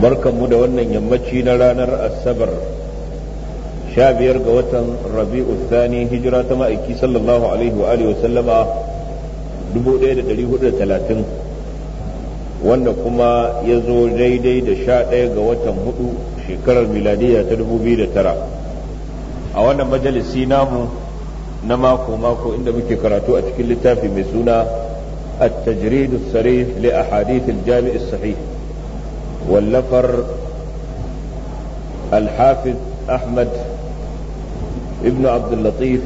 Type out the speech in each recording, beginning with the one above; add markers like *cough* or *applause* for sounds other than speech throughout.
barkanmu da wannan yammaci na ranar asabar sha biyar ga watan rabi'u thani hijira ta ma'aiki sallallahu alaihi wa alihi wasallama 1430 wanda kuma ya zo daidai da sha ɗaya ga watan hudu shekarar miladiyya ta 2009 a wannan majalisi namu na mako-mako inda muke karatu a cikin littafi mai suna التجريد الصريح لأحاديث الجامع الصحيح wallafar alhafiz ahmad ibn abdullatif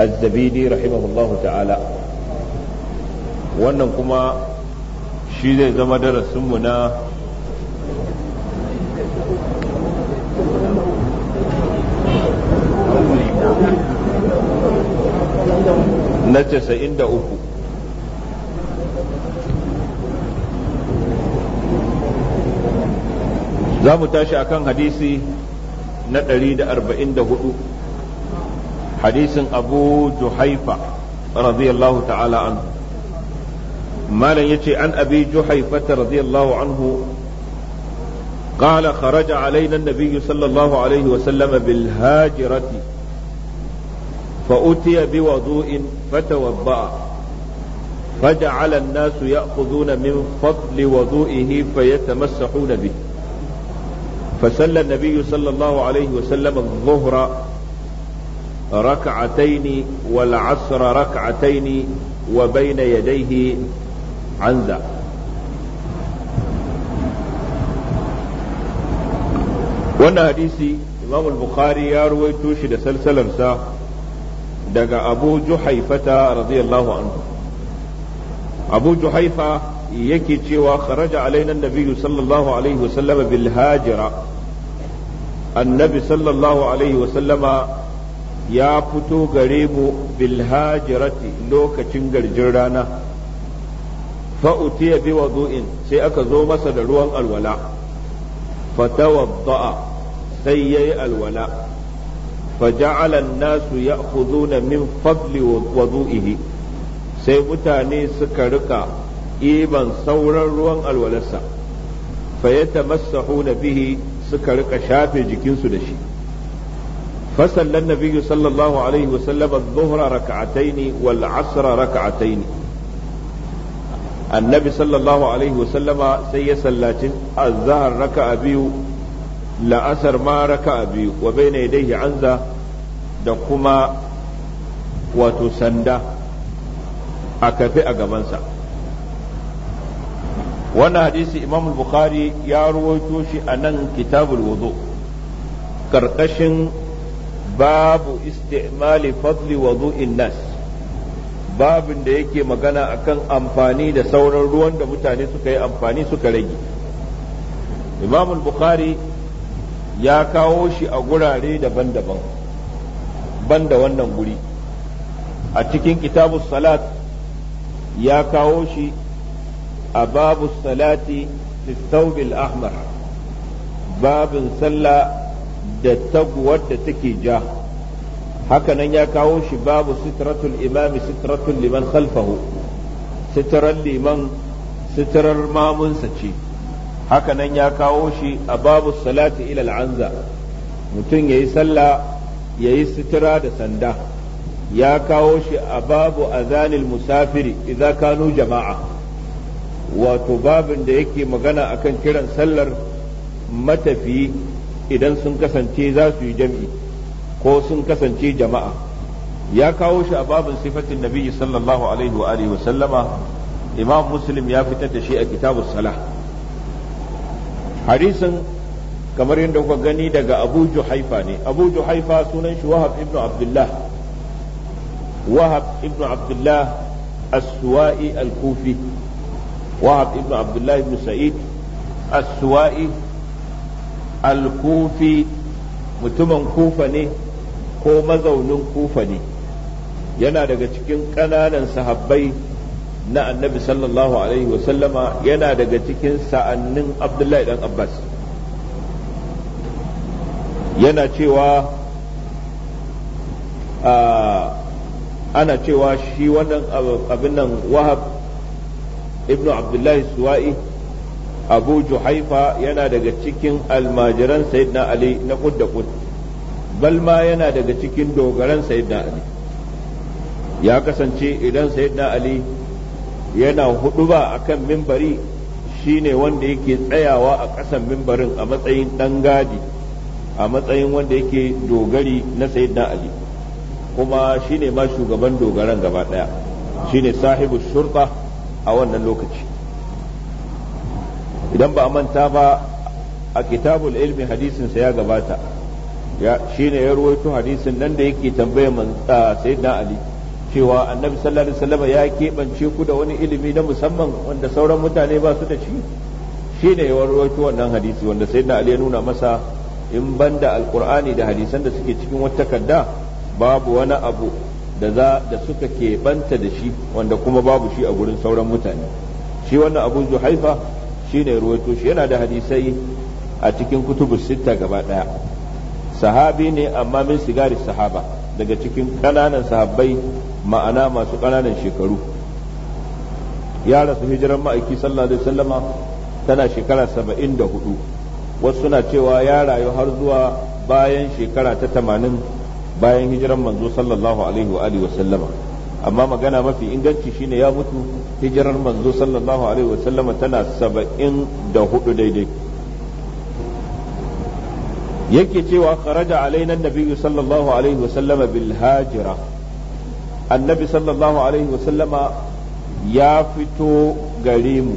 الزبيدي رحمه الله ta'ala wannan kuma shi zai zama darasinmu na na casa'in da uku za mu tashi kan hadisi na 144 hadisin abu juhaifa radiyallahu ta'ala anhu malam ce an abi juhaifata radiyallahu anhu قال خرج علينا النبي صلى الله عليه وسلم بالهاجرة فأتي بوضوء فتوضأ فجعل الناس يأخذون من فضل وضوئه فيتمسحون به فصلى النبي صلى الله عليه وسلم الظهر ركعتين والعصر ركعتين وبين يديه عنزة wannan hadisi imam al-bukhari ya ruwaito shi da salsalarsa daga abu juhaifata radiyallahu anhu abu juhaifa yake cewa kharaja alaina nabiyyu sallallahu alaihi wasallam annabi sallallahu alaihi wasallama ya fito gare mu bilhajirati lokacin garjin rana fa'utiya bi wadu'in sai aka zo masa da ruwan alwala fatawadda'a sai yayi alwala فجعل الناس يأخذون من فضل وضوئه sai mutane suka riƙa iban sauran ruwan alwalarsa fa yatamassa bihi suka rika shafe jikinsu da shi fasallan nabiyyu sallallahu annabi sai ya sallaci az da kuma wato sanda a kafe a gabansa wannan hadisi imam bukhari ya ruwaito shi a nan kitabul wudu karkashin babu istimali fadli wudu'in nas babin da yake magana akan amfani da sauran ruwan da mutane suka yi amfani suka rage imam bukhari ya kawo shi a gurare daban-daban banda wannan guri a cikin kitabul salat ya kawo shi a babu salati taubil ahmar babin sallah da taguwar da take ja hakanan ya kawo shi babu sitratul imami sitratul liman khalfahu sitrar liman sitrar mamunsa ce hakanan ya kawo shi a babu salati ilal anza mutum ya yi sallah ya yi sitira da sanda ya kawo shi a babu azanil musafiri idza kanu jama'a wato babin da yake magana akan kiran sallar matafiyi idan sun kasance za su yi jam'i ko sun kasance jama'a ya kawo shi a babin sifatin nabi sallallahu alaihi wa alihi sallama imam muslim ya fitar da shi a kitabu salah hadisin kamar yadda kuka gani daga abu juhaifa ne abu juhaifa sunan shi wahab ibnu abdullah wahab ibnu abdullah as-suwa'i al-kufi wahab ibn abdullahi ibn sa'id as-suwa'i al-kufi mutumin kufa ne ko mazaunin kufa yana daga cikin ƙananan sahabbai na annabi sallallahu alaihi wasallama yana daga cikin sa'annin abdullahi dan abbas yana cewa ah, ana cewa shi wannan abin nan wahab ibnu abdullahi suwa'i abu juhaifa yana daga cikin almajiran sayyidina ali na kud da balma yana daga cikin dogaran sayyidina ali ya kasance idan sayyidina ali yana huduba akan mimbari shine wanda yake tsayawa a ƙasan mimbarin a matsayin ɗan gadi a matsayin wanda yake dogari na sayyidina ali kuma shine ma shugaban dogaran gaba ɗaya shine sahibu shurba a wannan lokaci idan ba a manta ba a kitabul ilmi hadisinsa ya gabata shi ne ya ruwaito hadisin nan da yake tambayar sayyidina ali cewa annabi sallallahu alaihi wasallam ya keɓance ku da wani ilimi na musamman wanda sauran mutane ba su da shi shine ne ya ruwaito wannan hadisi wanda sayyidina ali ya nuna masa in banda alqur'ani da hadisan da suke cikin wata kadda babu wani abu da za da suka keɓanta da shi wanda kuma babu shi a gurin sauran mutane shi wannan abu zuhaifa shine ruwaito shi yana da hadisai a cikin kutubu sitta gaba ɗaya sahabi ne amma min sigari sahaba daga cikin ƙananan sahabbai ma'ana masu kananan shekaru ya rasu hijiran ma'aiki sallallahu alaihi wasallama tana shekara saba'in da hudu wasu na cewa ya rayu har zuwa bayan shekara ta tamanin bayan hijiran manzo sallallahu alaihi wa alihi wa sallama amma magana mafi inganci shine ya mutu hijirar manzo sallallahu alaihi wa sallama tana saba'in da hudu daidai yake cewa kharaja alaina nabiyyu sallallahu alaihi wa sallama bil hajira annabi sallallahu alaihi wa sallama ya fito gare mu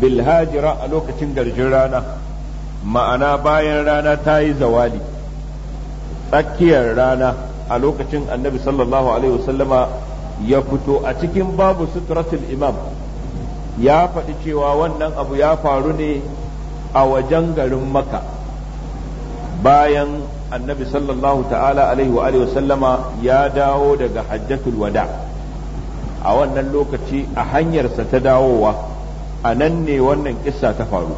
bil hajira a lokacin garjin rana ma'ana bayan rana ta yi zawali tsakiyar rana a lokacin annabi sallallahu alaihi wasallama ya fito a cikin babu sutratul imam ya faɗi cewa wannan abu ya faru ne a wajen garin maka bayan annabi sallallahu ta'ala alaihi wa sallama ya dawo daga hajjatul wada a wannan lokaci a hanyarsa ta dawowa a nan ne wannan kissa ta faru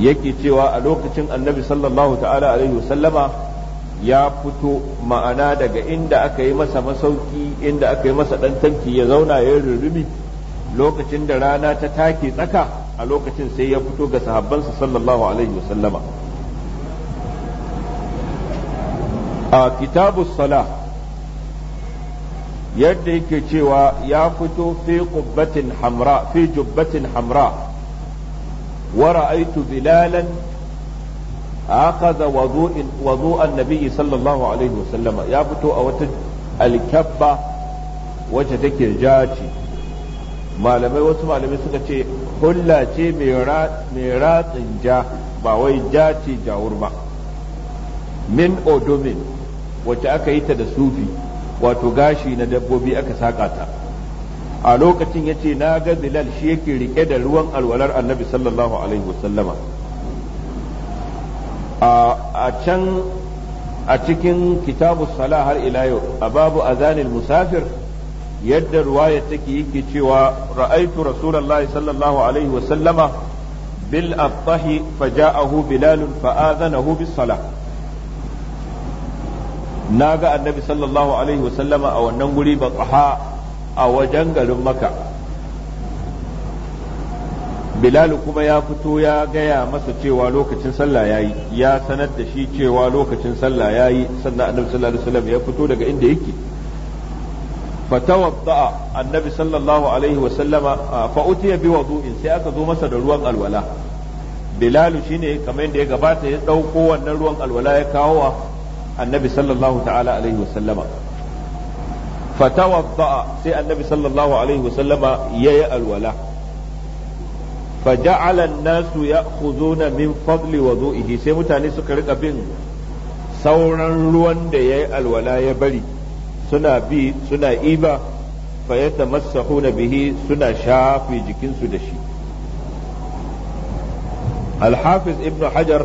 yake cewa a lokacin annabi sallallahu ta'ala alaihi wa sallama ya fito ma'ana daga inda aka yi masa masauki inda aka yi masa ɗan tanki ya zauna ya rurumi lokacin da rana ta take tsaka a lokacin sai ya fito ga sahabbansa sallallahu alaihi wasallama a kitabu sala yadda yake cewa ya fito fi qubbatin hamra fi jubbatin hamra wa ra'aytu bilalan akhadha wudu'in wudu'an nabiyyi sallallahu alaihi wasallama ya fito a wata alkabba wacce take jaci malamai wasu malamai suka ce hulla ce mai ratsin ja ba wai ja jawur ba min odomin wacce aka yi ta da sufi wato gashi na dabbobi aka saka ta a lokacin ya ce na ga bilal shi yake rike da ruwan alwalar annabi sallallahu alaihi wasallama a can a cikin kitabu sala har ila yau a babu azanil musafir yadda ruwaya take yake cewa ra'aitu rasulullahi sallallahu alaihi wa bil attahi faja'ahu fa fa'adhanahu bis salah naga annabi sallallahu alaihi wa a wannan guri ba a wajen garin maka bilal kuma ya fito ya gaya masa cewa lokacin sallah yayi ya sanar da shi cewa lokacin sallah yayi sannan annabi sallallahu alaihi wasallam ya fito daga inda yake fatawadda annabi sallallahu alaihi wasallama fa utiya bi wudu'in sai aka zo masa da ruwan alwala bilal shine kamar yadda ya gabata ya dauko wannan ruwan alwala ya kawo wa annabi sallallahu ta'ala alaihi wasallama fatawadda sai annabi sallallahu alaihi wasallama yayi alwala faja'alan ja'ala an-nasu ya'khuduna min fadli wudu'ihi sai mutane suka rika bin sauran ruwan da yayi alwala ya bari suna bi suna iba fa yatamassahuna bihi suna shafi jikinsu da shi al ibnu hajar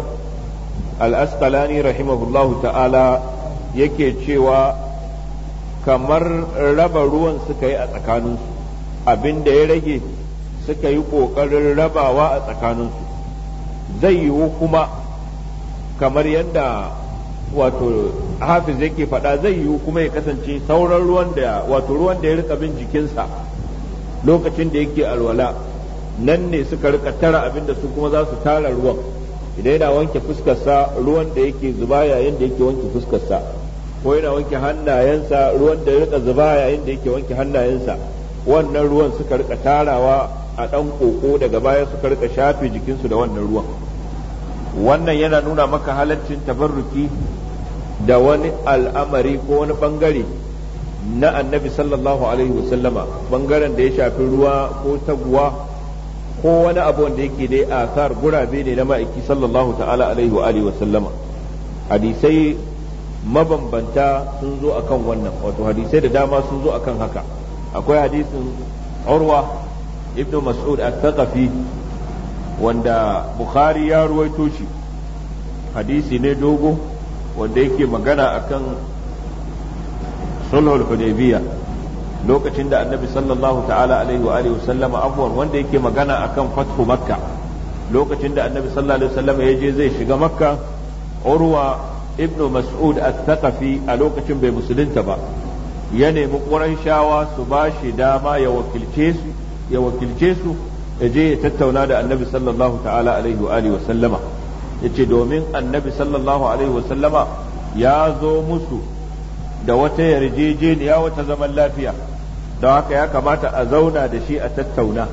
al'askalani asqalani rahimahullahu ta'ala yake cewa kamar raba ruwan suka yi a tsakaninsu abinda ya rage suka yi ƙoƙarin rabawa a tsakaninsu zai yiwu kuma kamar yadda wato hafiz yake faɗa zai yiwu kuma ya kasance sauran ruwan da wato ruwan da ya rika bin jikinsa lokacin da yake alwala nan ne suka rika tara abin da su kuma za su tara ruwan idan yana wanke fuskarsa ruwan da yake zuba yayin da yake wanke fuskarsa ko yana wanke hannayensa ruwan da ya rika zuba yayin da yake wanke hannayensa wannan ruwan suka rika tarawa a ɗan ƙoƙo daga baya suka rika shafe jikinsu da wannan ruwan wannan yana nuna maka halaccin tabarruki da wani al'amari ko wani ɓangare na annabi sallallahu alaihi wasallama ɓangaren da ya shafi ruwa ko taguwa ko wani abu wanda yake dai asar gurabe ne na ma'aiki sallallahu ta'ala alaihi wa alihi wasallama hadisai mabambanta sun zo akan wannan wato hadisai da dama sun zo akan haka akwai hadisin urwa ibn mas'ud al wanda bukhari ya ruwaito shi hadisi ne dogo wanda yake magana akan sulhul hudaybiyah lokacin da annabi sallallahu alaihi wa alihi sallama afwan wanda yake magana akan fathu makka lokacin da annabi sallallahu alaihi wasallama ya je zai shiga makka Orwa ibnu mas'ud at a lokacin bai musulunta ba ya nemi shawa su ba shi dama ya wakilce su ya wakilce su ya je ya tattauna da annabi sallallahu ta'ala alaihi wa alihi wa sallama yace domin annabi sallallahu alaihi wa sallama ya zo musu da wata yarjejeniya wata zaman lafiya Da haka ya kamata a zauna da shi a tattauna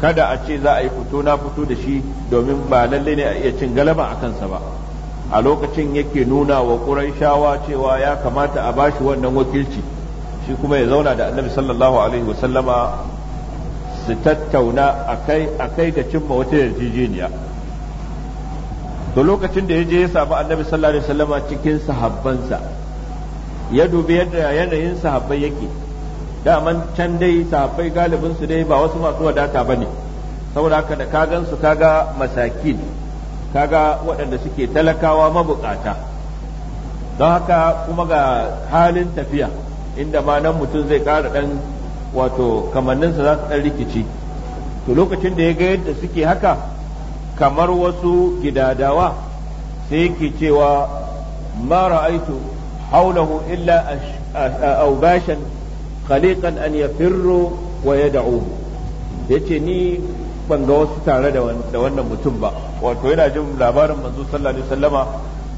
kada a ce za a yi fito na fito da shi domin ba lalle ne a iya cin galaba a kansa ba a lokacin yake nuna wa shawa cewa ya kamata a bashi wannan wakilci shi kuma ya zauna da annabi sallallahu alaihi wa sallama. su tattauna a kai ga cimma wata yarjejeniya to lokacin da ya je ya samu annabi sallallahu alaihi wasallam cikin sahabbansa ya dubi yadda yanayin sahabbai yake daman can dai sahabbai galibin su dai ba wasu masu wadata bane saboda haka da ka gansu kaga masakin kaga waɗanda suke talakawa mabukata don haka kuma ga halin tafiya inda ma nan mutum zai ƙara ɗan wato kamanninsa za su ɗan rikici to lokacin da ya ga yadda suke haka kamar wasu gidadawa sai yake cewa ma ra'aitu haulahu illa aubashan khaliqan an yafirru wa Ya yace ni ban ga wasu tare da wannan mutum ba wato yana jin labarin manzo sallallahu alaihi wasallama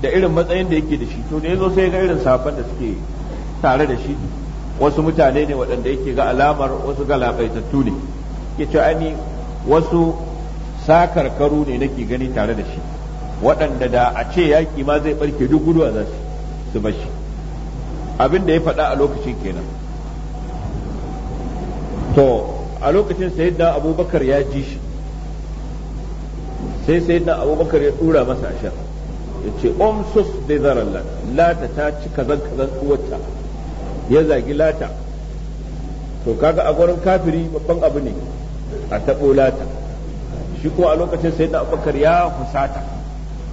da irin matsayin da yake da shi to da yazo sai ga irin safan da suke tare da shi wasu mutane ne waɗanda yake ga alamar wasu galabaitattu ne ya ce ani wasu sakarkaru ne nake gani tare da shi waɗanda da a ce yaƙi ma zai ɓarke duk gudu a zasu su bashi abin da ya faɗa a lokacin kenan to a lokacin da abubakar ya ji shi sai da abubakar ya ɗura masa ashar ya ce omsus da zarar la ta ta ci kazan kazan uwata ya zagi lata to kaga a gurin kafiri babban abu ne a taɓo lata shi kuma a lokacin sai da abubakar ya husata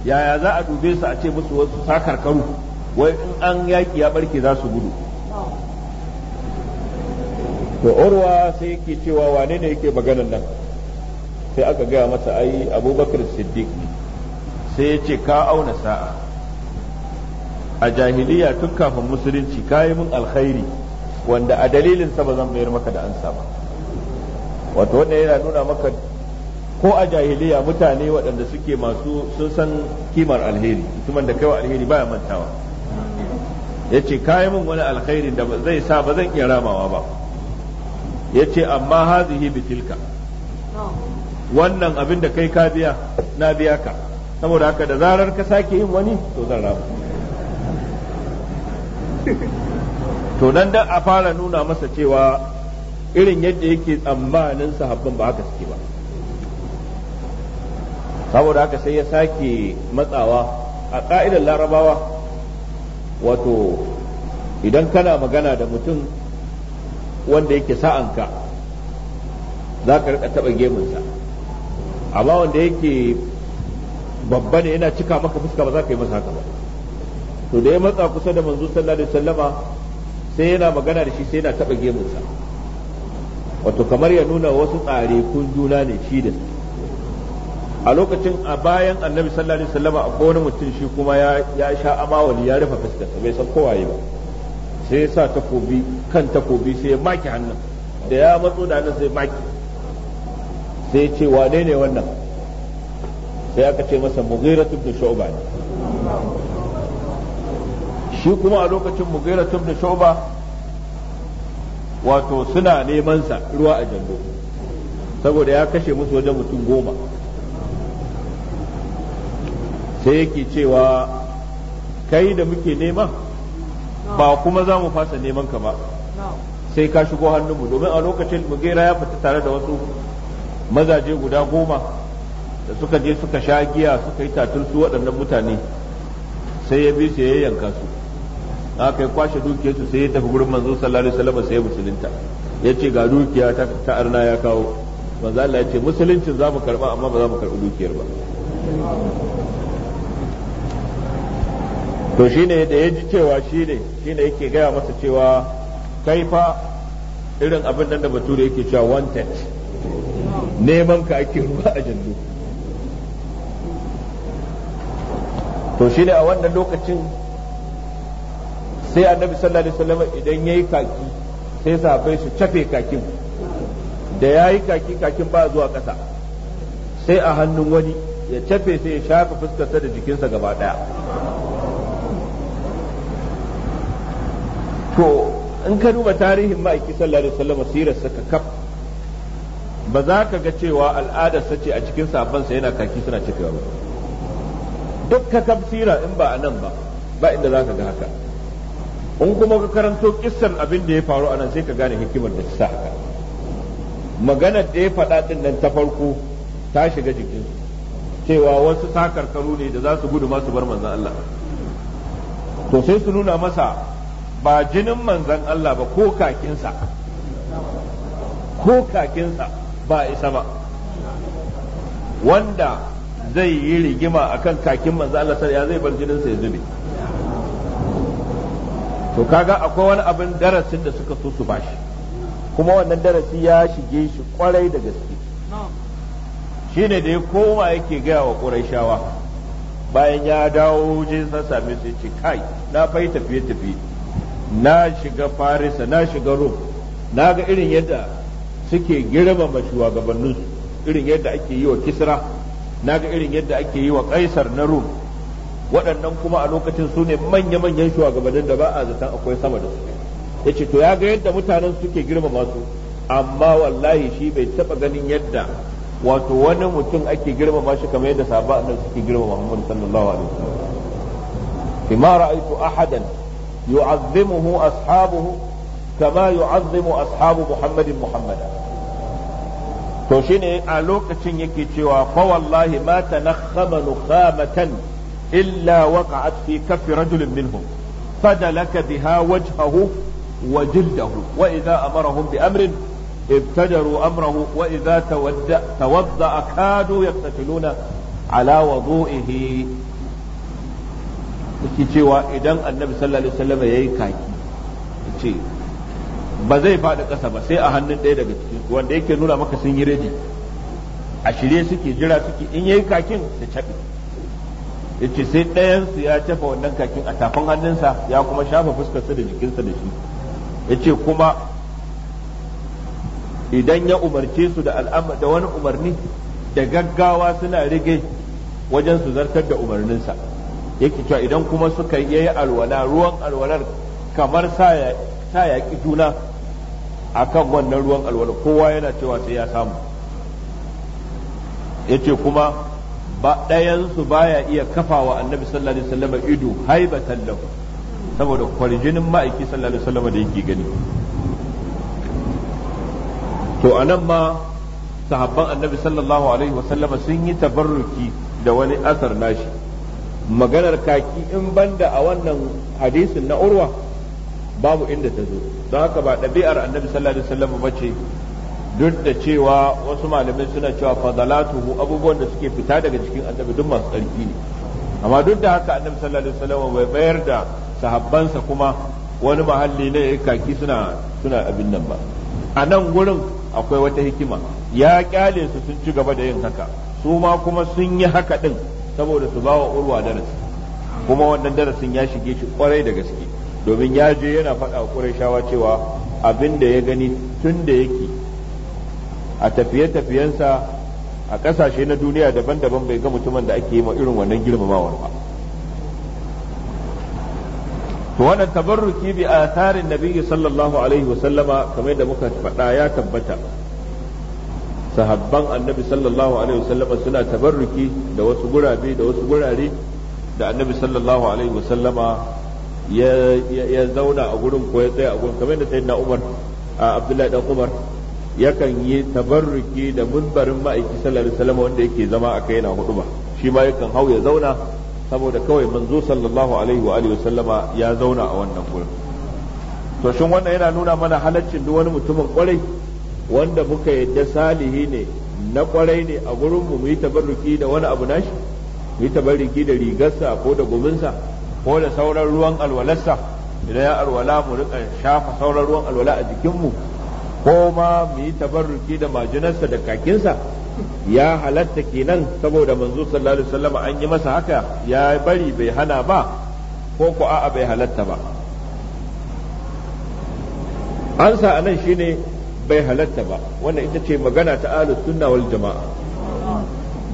yaya za a dube su a ce musu wasu sakarkaru wai in an yaki ya barke za su gudu to urwa sai yake cewa wane ne yake maganan nan sai aka gaya masa ai abubakar siddiq ne sai ya ce ka auna sa'a a jahiliya tun kafin musulunci kayi mun alkhairi wanda a dalilin sa ba zan mayar maka da ansa ba wato wannan yana nuna maka ko a jahiliya mutane waɗanda suke masu sun san kimar alheri mutumin da wa alheri baya mantawa ya ce kayi mun wani alkhairi da zai sa ba zan iya ramawa ba ya ce amma hazihi bitilka wannan abin da kai ka biya na biya ka saboda haka da zarar ka sake yin wani to zan rama *laughs* to dan dan a fara nuna masa cewa irin yadda yake tsammanin sahabban ba haka suke ba saboda haka sai ya sake matsawa a ƙa'idar larabawa wato idan kana magana da mutum wanda yake sa'anka za ka rika taɓa gemunsa amma wanda yake babba ne yana cika maka fuska ba za ka yi masa haka ba to da ya matsa kusa da manzo sallallahu alaihi wasallama sai yana magana da shi sai yana taba gemunsa wato kamar ya nuna wasu tsare kun juna ne shi da a lokacin a bayan annabi sallallahu alaihi wasallama akwai wani mutum shi kuma ya ya sha amawali ya rufe fuskar bai san kowaye ba sai ya sa takobi kan takobi sai ya maki hannun da ya matso da hannun sai maki sai ya ce wane ne wannan sai aka ce masa mughiratu ibn shu'ba shi kuma a lokacin mugaira tun da shoba wato suna neman sa ruwa a jango saboda ya kashe musu wajen mutum goma sai yake cewa kai da muke neman ba kuma za mu fasa neman ka ba sai ka shigo hannunmu domin a lokacin mugera ya fita tare da wasu mazaje guda goma da suka je suka sha giya suka yi tatul waɗannan mutane sai ya bi su ya yanka su aka ya kwashe dukiyarsu sai ya tafi gurin manzo sallallahu alaihi wasallam sai ya musulunta yace ga dukiya ta arna ya kawo manzo Allah yace musuluncin mu karba amma ba za mu karbi dukiyar ba to shine da ya ji cewa shine shine yake gaya masa cewa kai fa irin abin nan da bature yake cewa wanted neman ka ake ruwa a jandu. to shine a wannan lokacin sai annabi sallallahu alaihi wasallam idan yayi kaki sai sahabbai su cafe kakin da yayi kaki kakin ba zuwa ƙasa sai a hannun wani ya cafe sai ya shafa fuskarsa da jikinsa gaba daya to in ka duba tarihin ma'aiki sallallahu alaihi wasallam sirar sa kaf ba za ka ga cewa al'adarsa ce a cikin sabansa yana kaki suna cikewa ba duk ka tafsira in ba a nan ba ba inda za ka ga haka in kuma ka karanto kissan abin da ya faru anan sai ka gane hikimar da ta haka maganar da ya faɗa din nan ta farko ta shiga jikin cewa wasu takarkaru ne da za su gudu masu bar manzan Allah to sai su nuna masa ba jinin manzan Allah ba ko kakinsa ko kakinsa ba isa ba wanda zai yi rigima akan kakin manzan Allah ya zai bar jininsa ya zube to kaga akwai wani abin darasin da suka so su bashi kuma wannan darasi ya shige shi kwarai da gaske shine da ya koma yake gaya wa shawa bayan ya dawo jin sa same su ce kai na fai tafiye tafiye na shiga farisa na shiga rom na ga irin yadda suke girmama shugabanninsu irin yadda ake yi wa kisra na ga irin yadda ake yi wa kaisar na rom waɗannan kuma a lokacin su ne manya-manyan shugabannin da ba a zaton akwai sama da su yace to ya ga yadda mutanen suke girmama su amma wallahi shi bai taɓa ganin yadda wato wani mutum ake girmama shi kamar yadda sahaba annabi suke girmama Muhammad sallallahu alaihi wasallam kima ra'aytu ahadan yu'azzimuhu ashabuhu kama yu'azzimu ashabu Muhammadin Muhammada to shine a lokacin yake cewa fa wallahi ma tanakhama nukhamatan إلا وقعت في كف رجل منهم فدلك بها وجهه وجلده وإذا أمرهم بأمر ابتدروا أمره وإذا توضأ كادوا يقتتلون على وضوئه yake cewa idan annabi sallallahu alaihi ya yi kaki ce ba zai faɗi ƙasa ba sai a hannun ɗaya daga cikin wanda yake nuna maka sun yi redi a shirye suke jira suke in yayi kakin da caɓe yace sai ɗayan su ya tafa wannan kakin a tafin hannunsa ya kuma shafa fuskarsa da jikinsa da shi yace kuma idan ya umarce su da da wani umarni da gaggawa suna rige wajen su zartar da umarninsa yake cewa idan kuma suka yi alwala ruwan alwalar kamar sa yaƙi juna a kan wannan ruwan alwala kowa yana cewa sai ya samu yace kuma ba ɗayansu baya iya kafawa annabi sallallahu alaihi wasallam ido haibatan lahu saboda kwarjinin ma'aiki sallallahu alaihi wasallam da yake gani to anan ma sahabban annabi sallallahu alaihi wasallam sun yi tabarruki da wani asar nashi maganar kaki in banda a wannan hadisin na urwa babu inda ta zo don haka ba ɗabi'ar annabi sallallahu alaihi wasallam ba ce duk da cewa wasu malamai suna cewa fadalatuhu abubuwan da suke fita daga cikin annabi duk masu tsarki ne amma duk da haka annabi sallallahu alaihi wasallam bai bayar da sahabbansa kuma wani mahalli ne kaki suna suna abin nan ba a nan gurin akwai wata hikima ya kyale su sun ci gaba da yin haka su ma kuma sun yi haka din saboda su bawa urwa darasi kuma wannan darasin ya shige shi kwarai da gaske domin ya je yana faɗa wa shawa cewa abin da ya gani tun da yake a tafiye-tafiyensa a ƙasashe na duniya daban-daban bai ga mutumin da ake yi ma irin wannan girmamawar ba to wannan tabarruki bi atharin nabiyyi sallallahu alaihi wa sallama kamar da muka faɗa ya tabbata sahabban annabi sallallahu alaihi wa sallama suna tabarruki da wasu gurabe da wasu gurare da annabi sallallahu alaihi wa sallama ya zauna a gurin ko ya tsaya a gurin kamar da sayyidina Umar a Abdullahi dan Umar yakan yi tabarruki da munbarin ma'aiki sallallahu alaihi wasallam wanda yake zama a kai na hudu ba shi ma yakan hau ya zauna saboda kawai manzo sallallahu alaihi wa alihi wasallama ya zauna a wannan gurin to shin wannan yana nuna mana halaccin duk wani mutumin kwarai wanda muka yadda salihi ne na kwarai ne a gurin mu yi tabarruki da wani abu nashi mu yi tabarruki da rigarsa ko da gubinsa ko da sauran ruwan alwalarsa idan ya alwala mu rika shafa sauran ruwan alwala a jikinmu mu ko ma mu yi tabarruki da majinarsa da kakinsa ya halatta kenan saboda manzo sallallahu alaihi wasallam an yi masa haka ya bari bai hana ba ko ko a'a bai halatta ba ansa anan shine bai halatta ba wannan ita ce magana ta ahlus sunna wal jama'a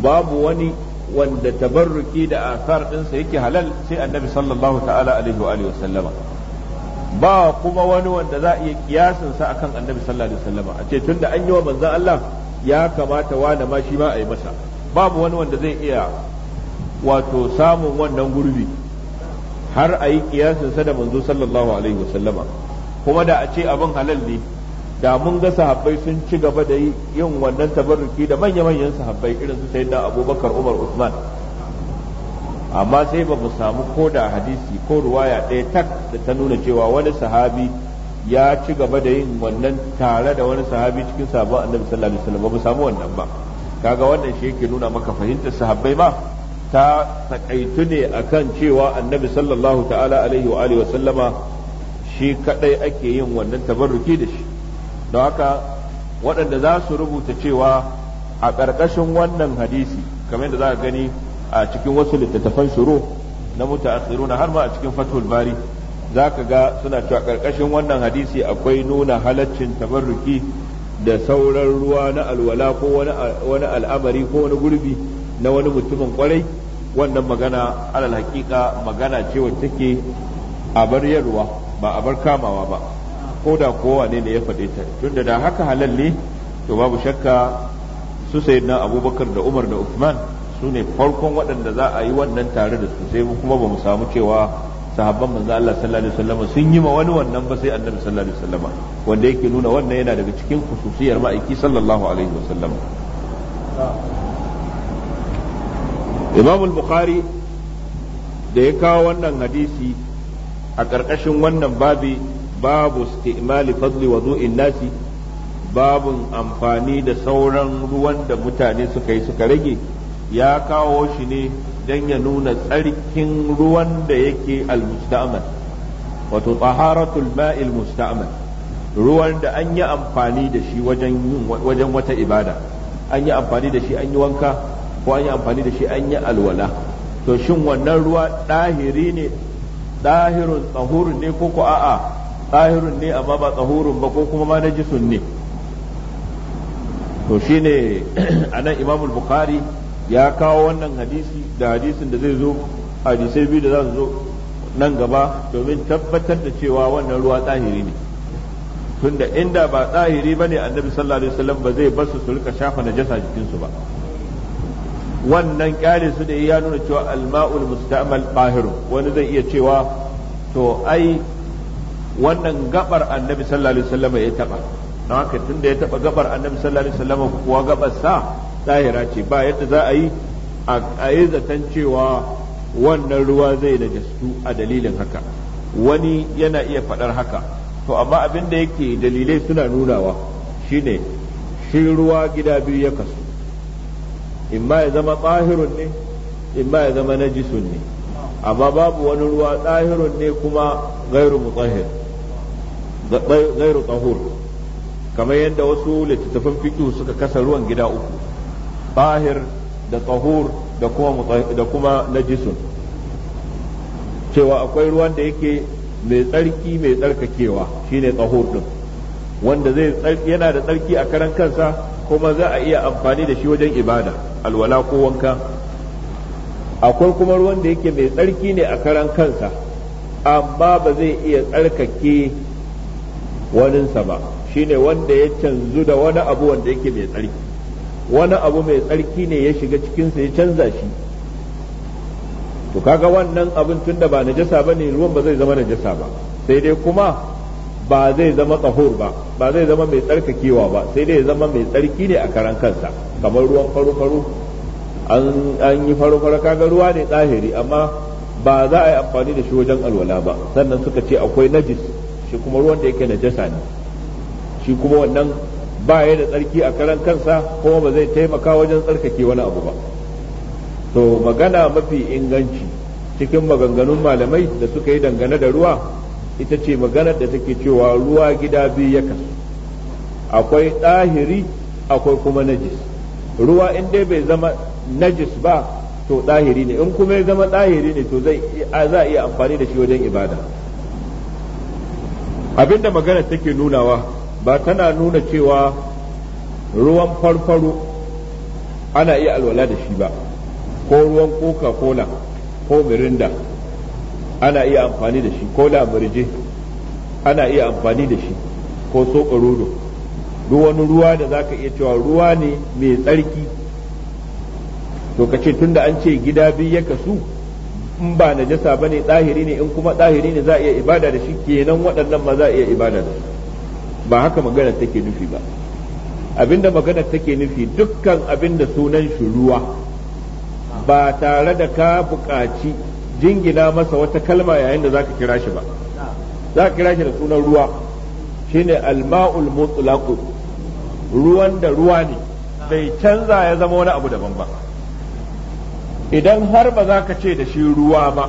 babu wani wanda tabarruki da asar dinsa yake halal sai annabi sallallahu ta'ala alaihi wa wasallama ba kuma wani wanda za a iya kiyasin sa akan annabi sallallahu alaihi wasallam a ce tunda an yi wa manzon Allah ya kamata wani ma shi ma a yi masa babu wani wanda zai iya wato samun wannan gurbi har a yi kiyasin sa da manzo sallallahu alaihi wasallam kuma da a ce abin halal ne da mun ga sahabbai sun ci gaba da yin wannan tabarruki da manya-manyan sahabbai irin su sayyidina Abubakar Umar Uthman amma sai ba mu samu ko da hadisi ko ruwaya ɗaya tak da ta nuna cewa wani sahabi ya ci gaba da yin wannan tare da wani sahabi cikin sabon annabi sallallahu alaihi wasallam ba mu samu wannan ba kaga wannan shi yake nuna maka fahimtar sahabbai ma ta takaitu ne akan cewa annabi sallallahu ta'ala alaihi wa alihi wasallama shi kadai ake yin wannan tabarruki da shi don haka waɗanda za su rubuta cewa a ƙarƙashin wannan hadisi kamar yadda za ka gani a cikin wasu littattafan shuru na mutaakhiruna har ma a cikin fathul bari zaka ga suna cewa ƙarƙashin wannan hadisi akwai nuna halaccin tabarruki da sauran ruwa na alwala ko wani al'amari ko wani gurbi na wani mutumin kwarai wannan magana alal hakika magana ce take a bar yarwa ba a bar kamawa ba ko da kowa ne da ya faɗe ta tunda da haka halalle to babu shakka su sayyidina abubakar da umar da usman su ne farkon waɗanda za a yi wannan tare da su sai kuma ba mu samu cewa sahabban manzo Allah sallallahu alaihi wasallam sun yi ma wani wannan ba sai annabi sallallahu alaihi wasallam wanda yake nuna wannan yana daga cikin khususiyar ma'aiki sallallahu alaihi wasallam Imam al-Bukhari da ya kawo wannan hadisi a ƙarƙashin wannan babi babu istimali fadli wudu'in nasi babun amfani da sauran ruwan da mutane suka yi suka rage ya kawo shi ne don ya nuna tsarkin ruwan da yake almusta'mal wato taharatul ma'il musta'mal ruwan da an yi amfani da shi wajen wata ibada an yi amfani da shi an yi wanka ko an yi amfani da shi an yi alwala to shin wannan ruwa ɗahiri ne ɗahirun tsahurun ne ko ko a'a ɗahirun ne amma ba tsahurun ba ko kuma ma na jisun ne to shine anan *clears throat* imamul bukhari ya kawo wannan hadisi da hadisin da zai zo hadisai biyu da za su zo nan gaba domin tabbatar da cewa wannan ruwa tsahiri ne tunda inda ba tsahiri ba ne annabi sallallahu alaihi wasallam ba zai basu su rika shafa na jasa jikinsu ba wannan kyale su da ya nuna cewa alma'ul musta'mal Bahiru wani zai iya cewa to ai wannan gabar annabi sallallahu alaihi wasallam ya taba don haka tunda ya taba gabar annabi sallallahu alaihi wasallam kuwa gabar sa zahira ce ba yadda za a yi a yi zaton cewa wannan ruwa zai jastu a dalilin haka wani yana iya faɗar haka to amma abin da yake dalilai suna nunawa shine shi ruwa gida biyu ya kasu imma ya zama tsahirun ne imma ya zama najisun ne amma babu wani ruwa tsahirun ne kuma gairu gairu tsahur kamar yadda wasu littattafan fiƙi suka kasa ruwan gida uku bahir da tsahur da kuma da kuma cewa akwai ruwan da yake mai tsarki mai tsarkakewa shine tsahur din wanda zai yana da tsarki a karan kansa kuma za a iya amfani da shi wajen ibada alwala ko wanka akwai kuma ruwan da yake mai tsarki ne a karan kansa amma ba zai iya tsarkake waninsa ba shine wanda ya canzu da wani abu wanda yake mai tsarki wani abu mai tsarki ne ya shiga cikinsa ya canza shi to kaga wannan abin tun da ba najasa ba ne ruwan ba zai zama najasa ba sai dai kuma ba zai zama tsahur ba ba zai zama mai tsarkakewa ba sai dai ya zama mai tsarki ne a karan kansa kamar ruwan faru-faru an yi faru-faru kaga ruwa ne tsahiri amma ba za a yi amfani da shi wajen alwala ba sannan suka ce akwai najis shi kuma ruwan da yake najasa ne shi kuma wannan ba ya da tsarki a karan kansa kuma ba zai taimaka wajen tsarkake wani abu ba to magana mafi inganci cikin maganganun malamai da suka yi dangane da ruwa ita ce maganar da take cewa ruwa gida biyu ya kasu akwai ɗahiri akwai kuma najis ruwa in dai bai zama najis ba to ɗahiri ne in kuma ya zama ɗahiri ne to zai za iya amfani da shi wajen ibada abinda maganar take nunawa ba tana nuna cewa ruwan farfaro ana iya alwala da shi ba ko ruwan coca-cola ko mirinda ana iya amfani da shi ko lamarje ana iya amfani da shi ko soɓarodo duk wani ruwa da zaka ka iya cewa ruwa ne mai tsarki to ka ce tunda an ce gida biyu ya kasu in ba najasa bane tsahiri ne in kuma tsahiri ne za a iya ibada da shi kenan waɗannan ma za a iya ibada da su ba haka magana take nufi ba abinda magana take nufi dukkan abinda sunan shi ruwa ba tare da ka buƙaci jingina masa wata kalma yayin da zaka kira shi ba za ka kira shi da sunan ruwa shine alma'ul mutlaq ruwan da ruwa ne bai canza ya zama wani abu daban ba idan har ba za ka ce da shi ruwa ba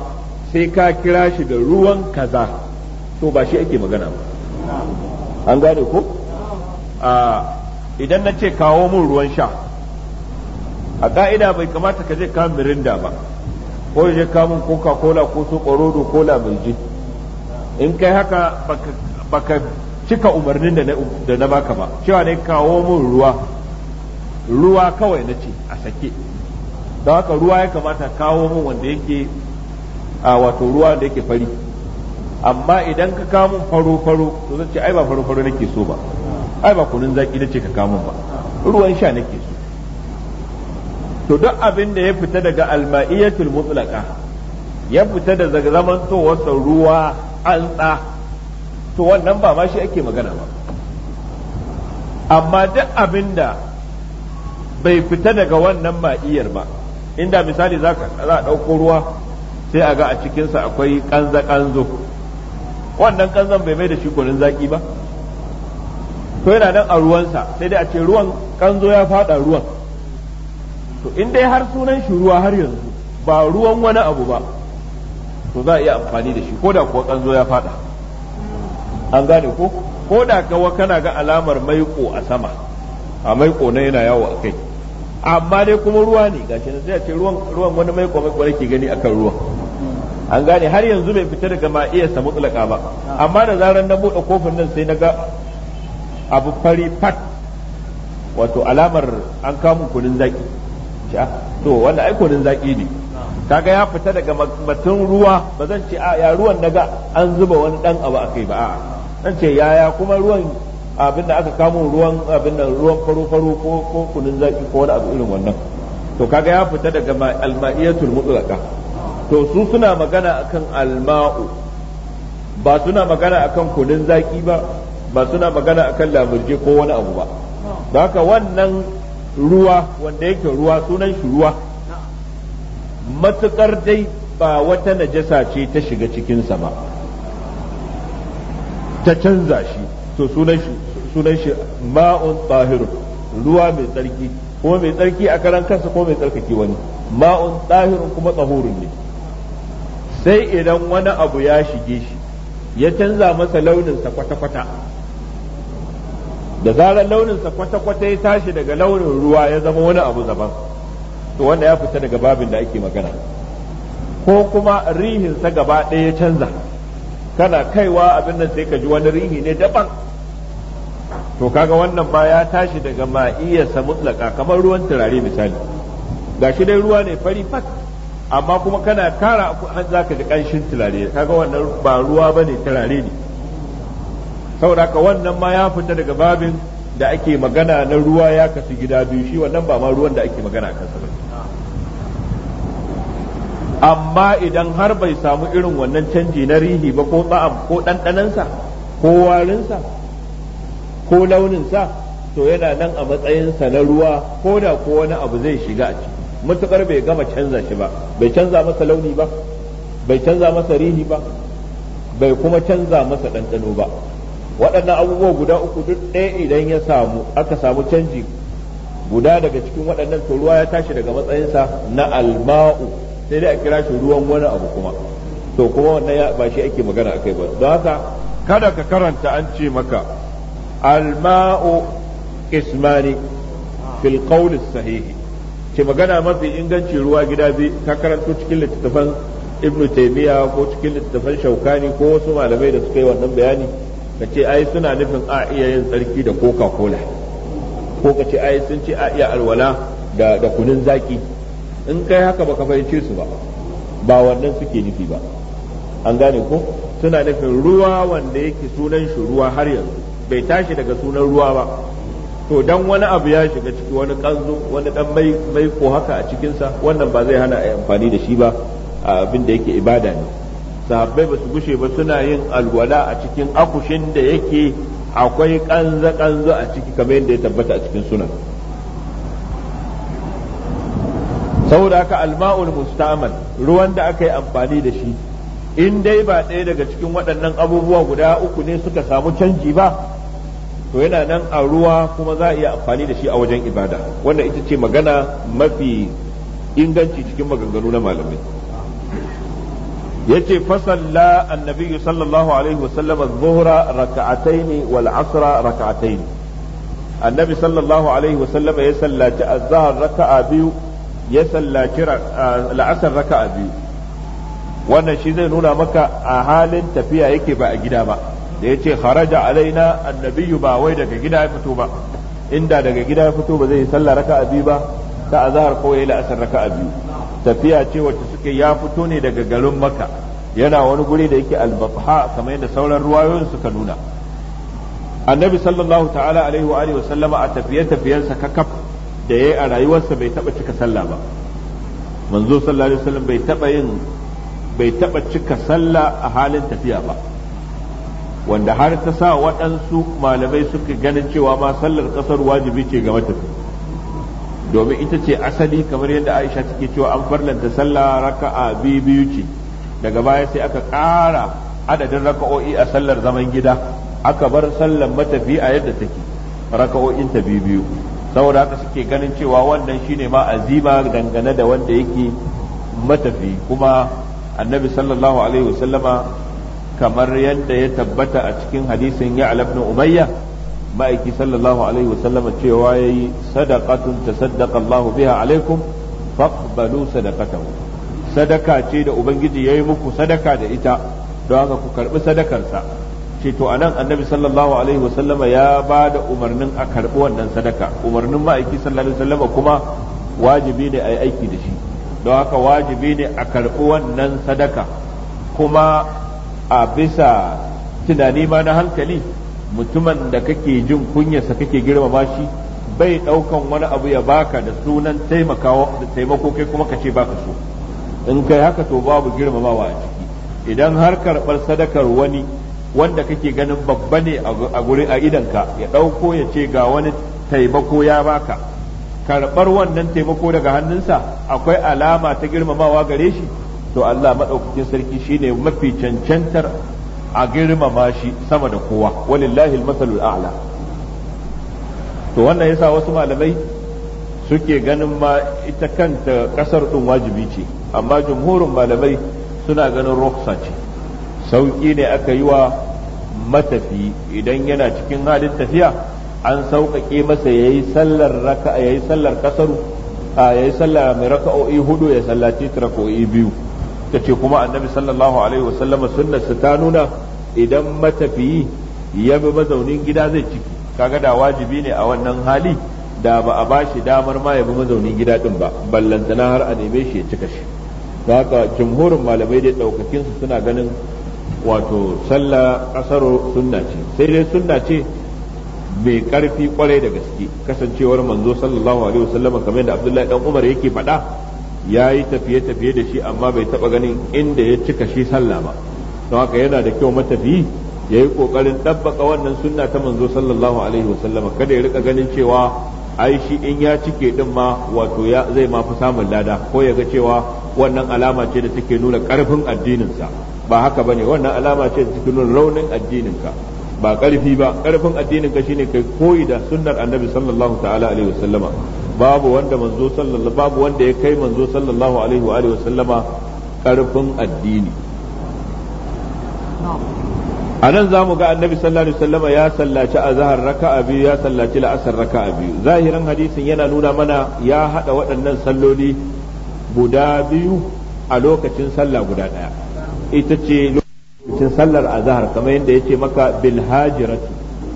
sai ka kira shi da ruwan kaza to ba shi ake magana ba an gane ko idan na ce kawo mun ruwan sha a ka'ida bai kamata ka je ka mirinda ba ko je ka mun coca cola ko su korodo ko mai in kai haka baka cika umarnin da na baka ba cewa ne kawo mun ruwa ruwa kawai na ce a sake don haka ruwa ya kamata kawo mun wanda yake a wato ruwa da yake fari amma idan ka kamo faro faro to zan ce ai ba faro faro nake so ba ai ba kunun zaki nace ka kamo ba ruwan sha nake so to duk abin da ya fita daga alma'iyatul mutlaqa ya fita da zamantowarsa ruwa an tsa to wannan ba ma shi ake magana ba amma duk abin da bai fita daga wannan ma'iyar ba inda misali za a ɗauko ruwa sai a ga a cikinsa akwai kanza-kanzo wannan kanzan bai mai da shi gurin zaki ba to yana nan a ruwansa sai dai a ce ruwan kanzo ya fada ruwan to in dai har sunan shi ruwa har yanzu ba ruwan wani abu ba to za a iya amfani da shi ko da kuwa kanzo ya fada an gane ko ko da kawa kana ga alamar maiko a sama a maiko na yana yawo a kai amma dai kuma ruwa ne gashi sai a ce ruwan wani maiko maiko ke gani akan ruwan an gane har yanzu bai fita daga ma'iyarsa mutlaka ba amma da zarar na buɗe kofin nan sai na ga abu fari fat wato alamar an kamun kunin zaki to wanda ai kunin zaki ne kaga ya fita daga matun ruwa ba zan ce ya ruwan naga an zuba wani dan abu kai ba a'a zan ce yaya kuma ruwan abin da aka kamo ruwan abin da ruwan faro faro ko ko kunin zaki ko wani abu irin wannan to kaga ya fita daga al-ma'iyatul mutlaqa to su suna magana akan alma'u ba suna magana akan kunun zaki ba ba suna magana akan lamurje ko wani abu ba haka wannan ruwa wanda yake ruwa sunan shi ruwa matukar dai ba wata najasa ce ta shiga cikinsa ba ta canza shi to sunan shi ma'un tahirun ruwa mai tsarki ko mai tsarki a karan kansa ko mai tsarkake wani ma'un tahirun kuma tsahurin ne sai idan wani abu ya shige shi ya canza masa launinsa kwata-kwata da zarar launinsa kwata-kwata ya tashi daga launin ruwa ya zama wani abu zaban to wanda ya fita daga babin da ake magana ko kuma rihinsa gaba ɗaya ya canza kana kaiwa abin nan sai ka ji wani rihi ne daban to kaga wannan ba ya tashi daga ma'iyarsa mutlaka kamar ruwan turare misali gashi dai ruwa ne fari fat amma kuma kana kara za ka ji ƙanshin turare kaga wannan ba ruwa ba ne turare ne saboda ka wannan ma ya fita daga babin da ake magana na ruwa ya kasu gida biyu shi wannan ba ma ruwan da ake magana a kansa ba amma idan har bai samu irin wannan canji na rihi ba ko tsa'am ko ɗanɗanansa ko warinsa ko launinsa to yana nan a matsayinsa na ruwa ko da ko wani abu zai shiga a ciki matuƙar bai gama canza shi ba bai canza masa launi ba bai canza masa rihi ba bai kuma canza masa ɗanɗano ba waɗannan abubuwa guda uku duk ɗaya idan ya samu aka samu canji guda daga cikin waɗannan to ruwa ya tashi daga matsayinsa na alma'u sai dai a kira shi ruwan wani abu kuma to kuma wannan ba shi ake magana akai ba don haka kada ka karanta an ce maka alma'u ismani fil qawli sahihi ce magana mafi inganci ruwa gida biyu ta karanto cikin littattafan ibnu taymiya ko cikin littattafan shaukani ko wasu malamai da suka yi wannan bayani ka ce ai suna nufin a iya yin tsarki da coca cola ko ka ce ai sun ce a iya alwala da da kunun zaki in kai haka baka fahimce su ba ba wannan suke nufi ba an gane ko suna nufin ruwa wanda yake sunan shi ruwa har yanzu bai tashi daga sunan ruwa ba to dan wani abu ya shiga ciki wani kanzo wani dan mai mai ko haka a cikinsa wannan ba zai hana a amfani da shi ba abin da yake ibada ne sahabbai ba su gushe ba suna yin alwala a cikin akushin da yake akwai kanza kanzo a ciki kamar yadda ya tabbata a cikin sunan saboda haka alma'ul musta'mal ruwan da aka yi amfani da shi in dai ba ɗaya daga cikin waɗannan abubuwa guda uku ne suka samu canji ba to yana nan a ruwa kuma za a iya amfani da shi a wajen ibada wannan ita ce magana mafi inganci cikin maganganu na malamai yace fasalla annabi sallallahu alaihi wasallam az-zuhra raka'atayn wal asra raka'atayn annabi sallallahu alaihi wasallam ya sallaci az-zuhr raka'a biyu ya sallaci la'asar raka'a biyu wannan shi zai nuna maka a halin tafiya yake ba a gida ba da ya ce haraja alaina annabiyu ba wai daga gida ya fito ba inda daga gida ya fito ba zai yi sallah raka'a biyu ba ta azhar ko yayi la'asar raka'a biyu tafiya ce wacce suke ya fito ne daga garin maka yana wani guri da yake al-batha kamar yadda sauran ruwayoyin suka nuna annabi sallallahu ta'ala alaihi wa alihi wa sallama a tafiye tafiyensa kakaf da yayi a rayuwarsa bai taba cika sallah ba manzo sallallahu alaihi wasallam bai taba yin bai taba cika sallah a halin tafiya ba wanda har ta sa waɗansu malamai suka ganin cewa ma sallar ƙasar wajibi ce ga matafi domin ita ce asali kamar yadda aisha take cewa an farlanta sallah raka'a biyu biyu ce daga baya sai aka ƙara adadin raka'o'i a sallar zaman gida aka bar sallar matafi a yadda take raka'o'in ta biyu biyu saboda haka suke ganin cewa wannan shine ma azima dangane da wanda yake matafi kuma annabi sallallahu alaihi wasallama kamar yadda ya tabbata a cikin hadisin ya ibn umayya ma'aiki sallallahu alaihi sallama cewa ya yi sadakatun ta sadaka Allahu biha alaikum faqbalu sadaqatahu sadaka ce da ubangiji ya yi muku sadaka da ita don haka ku karbi sadakarsa ce to anan annabi sallallahu alaihi sallama ya ba da umarnin a karbi wannan sadaka umarnin ma'aiki sallallahu alaihi sallama kuma wajibi ne a yi aiki da shi don haka wajibi ne a karbi wannan sadaka kuma a bisa tunani ma na hankali mutumin da kake jin kunyarsa kake girmama shi bai ɗaukan wani abu ya baka da sunan taimako kai kuma ka baka so in kai haka to babu girmamawa a ciki idan har karbar sadakar wani wanda kake ganin babba ne a guri a idanka ya ɗauko ya ce ga wani taimako ya baka karɓar wannan taimako daga hannunsa akwai alama ta girmamawa gare shi to Allah madaukakin sarki shine mafi cancantar a girmama shi sama da kowa walillahi almasalul a'la to wannan yasa wasu malamai suke ganin ma ita kanta kasar din wajibi ce amma jumhurin malamai suna ganin ruksa ce sauki ne aka yi wa matafi idan yana cikin halin tafiya an sauƙaƙe masa yayi sallar raka yayi sallar kasaru a yayi sallar mai raka'o'i hudu ya sallaci raka'o'i biyu suka ce kuma annabi sallallahu alaihi wasallama sunnarsa ta nuna idan matafiyi ya bi mazaunin gida zai ciki kaga da wajibi ne a wannan hali da ba a bashi damar ma ya bi mazaunin gida din ba ballantana har a neme shi ya cika shi da haka jumhurin malamai dai daukakin su suna ganin wato sallah kasaro sunna ce sai dai sunna ce mai karfi kwarai da gaske kasancewar manzo sallallahu alaihi wasallama kamar da Abdullahi dan Umar yake faɗa ya yi tafiye-tafiye da shi amma bai taba ganin inda ya cika shi sallah ba don haka yana da kyau matafi ya yi ƙoƙarin ɗabbaka wannan sunna ta manzo sallallahu alaihi wasallama kada ya rika ganin cewa ai shi in ya cike din ma wato ya zai ma fi samun lada ko ya ga cewa wannan alama ce da take nuna ƙarfin addininsa ba haka bane wannan alama ce da take nuna raunin addininka ba karfi ba ƙarfin addininka shine kai koyi da sunnar annabi sallallahu ta'ala alaihi wasallama babu wanda manzo sallallahu babu wanda ya kai manzo sallallahu alaihi wa alihi sallama karfin addini a nan za ga annabi sallallahu alaihi wasallama ya sallaci azhar raka'a biyu ya sallaci la'asar raka'a biyu zahirin hadisin yana nuna mana ya hada waɗannan salloli guda biyu a lokacin sallah guda ɗaya ita ce lokacin sallar azhar kamar yadda yake maka bil hajirati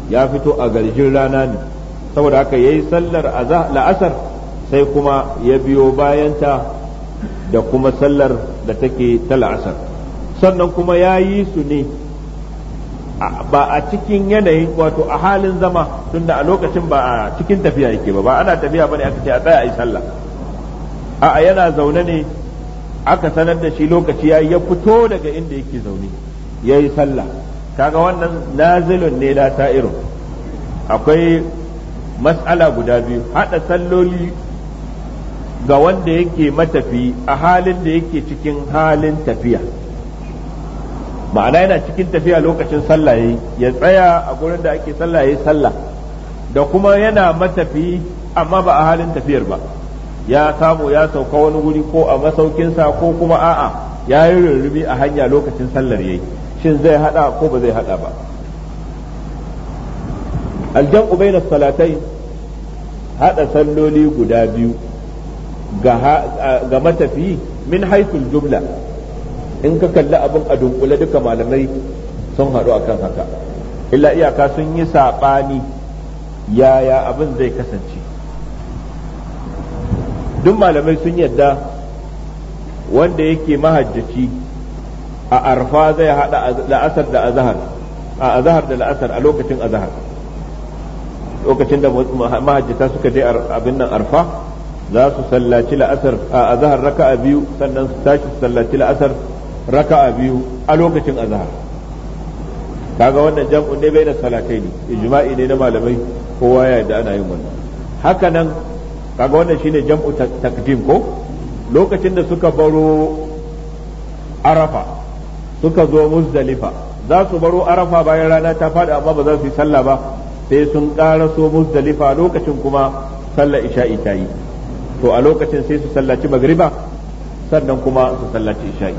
ya fito a garjin rana ne saboda haka yayi sallar la'asar sai kuma ya biyo bayanta da kuma sallar da take ta la'asar sannan kuma ya yi su ne ba a cikin yanayin wato a halin zama tunda a lokacin ba a cikin tafiya yake ba ba ana tafiya bane aka ce a tsaya a yi sallah a yana zaune ne aka sanar da shi lokaci ya ya fito daga inda yake zaune ya yi sallah kaga wannan nazilun ne la ta'irun akwai mas'ala guda biyu haɗa salloli ga wanda yake matafi a halin da yake cikin halin tafiya ma'ana yana cikin tafiya lokacin sallaye ya tsaya a gurin da ake sallaye sallah da kuma yana matafi amma ba a halin tafiyar ba ya samu ya sauka wani guri ko a masaukinsa ko kuma a'a ya yi rurrubi a hanya lokacin sallar yayi shin zai hada ko ba zai hada ba aljam'u bayna salatai hada salloli guda biyu ga matafiyi min haithul jumla in ka kalli abun a dunkule duka malamai sun haɗu akan haka illa iyaka sun yi saɓani yaya abin zai kasance duk malamai sun yarda wanda yake mahajjaci a arfa zai haɗa la'asar da azahar a azahar da la'asar a lokacin azahar lokacin da mahajjata suka je abin nan arfa za su sallaci la'asar a raka raka'a biyu sannan su tashi su sallaci la'asar raka'a biyu a lokacin azahar kaga wannan jam'un ne bai da salatai ne ijma'i ne na malamai kowa ya da ana yin wannan haka nan kaga wannan shine jam'u takdim ko lokacin da suka baro arafa suka zo muzdalifa za su baro arafa bayan rana ta faɗi amma ba za su yi sallah ba sai sun ƙaraso muzdalifa lokacin kuma sallar isha'i ta yi to a lokacin sai su sallaci magriba sannan kuma su sallaci isha'i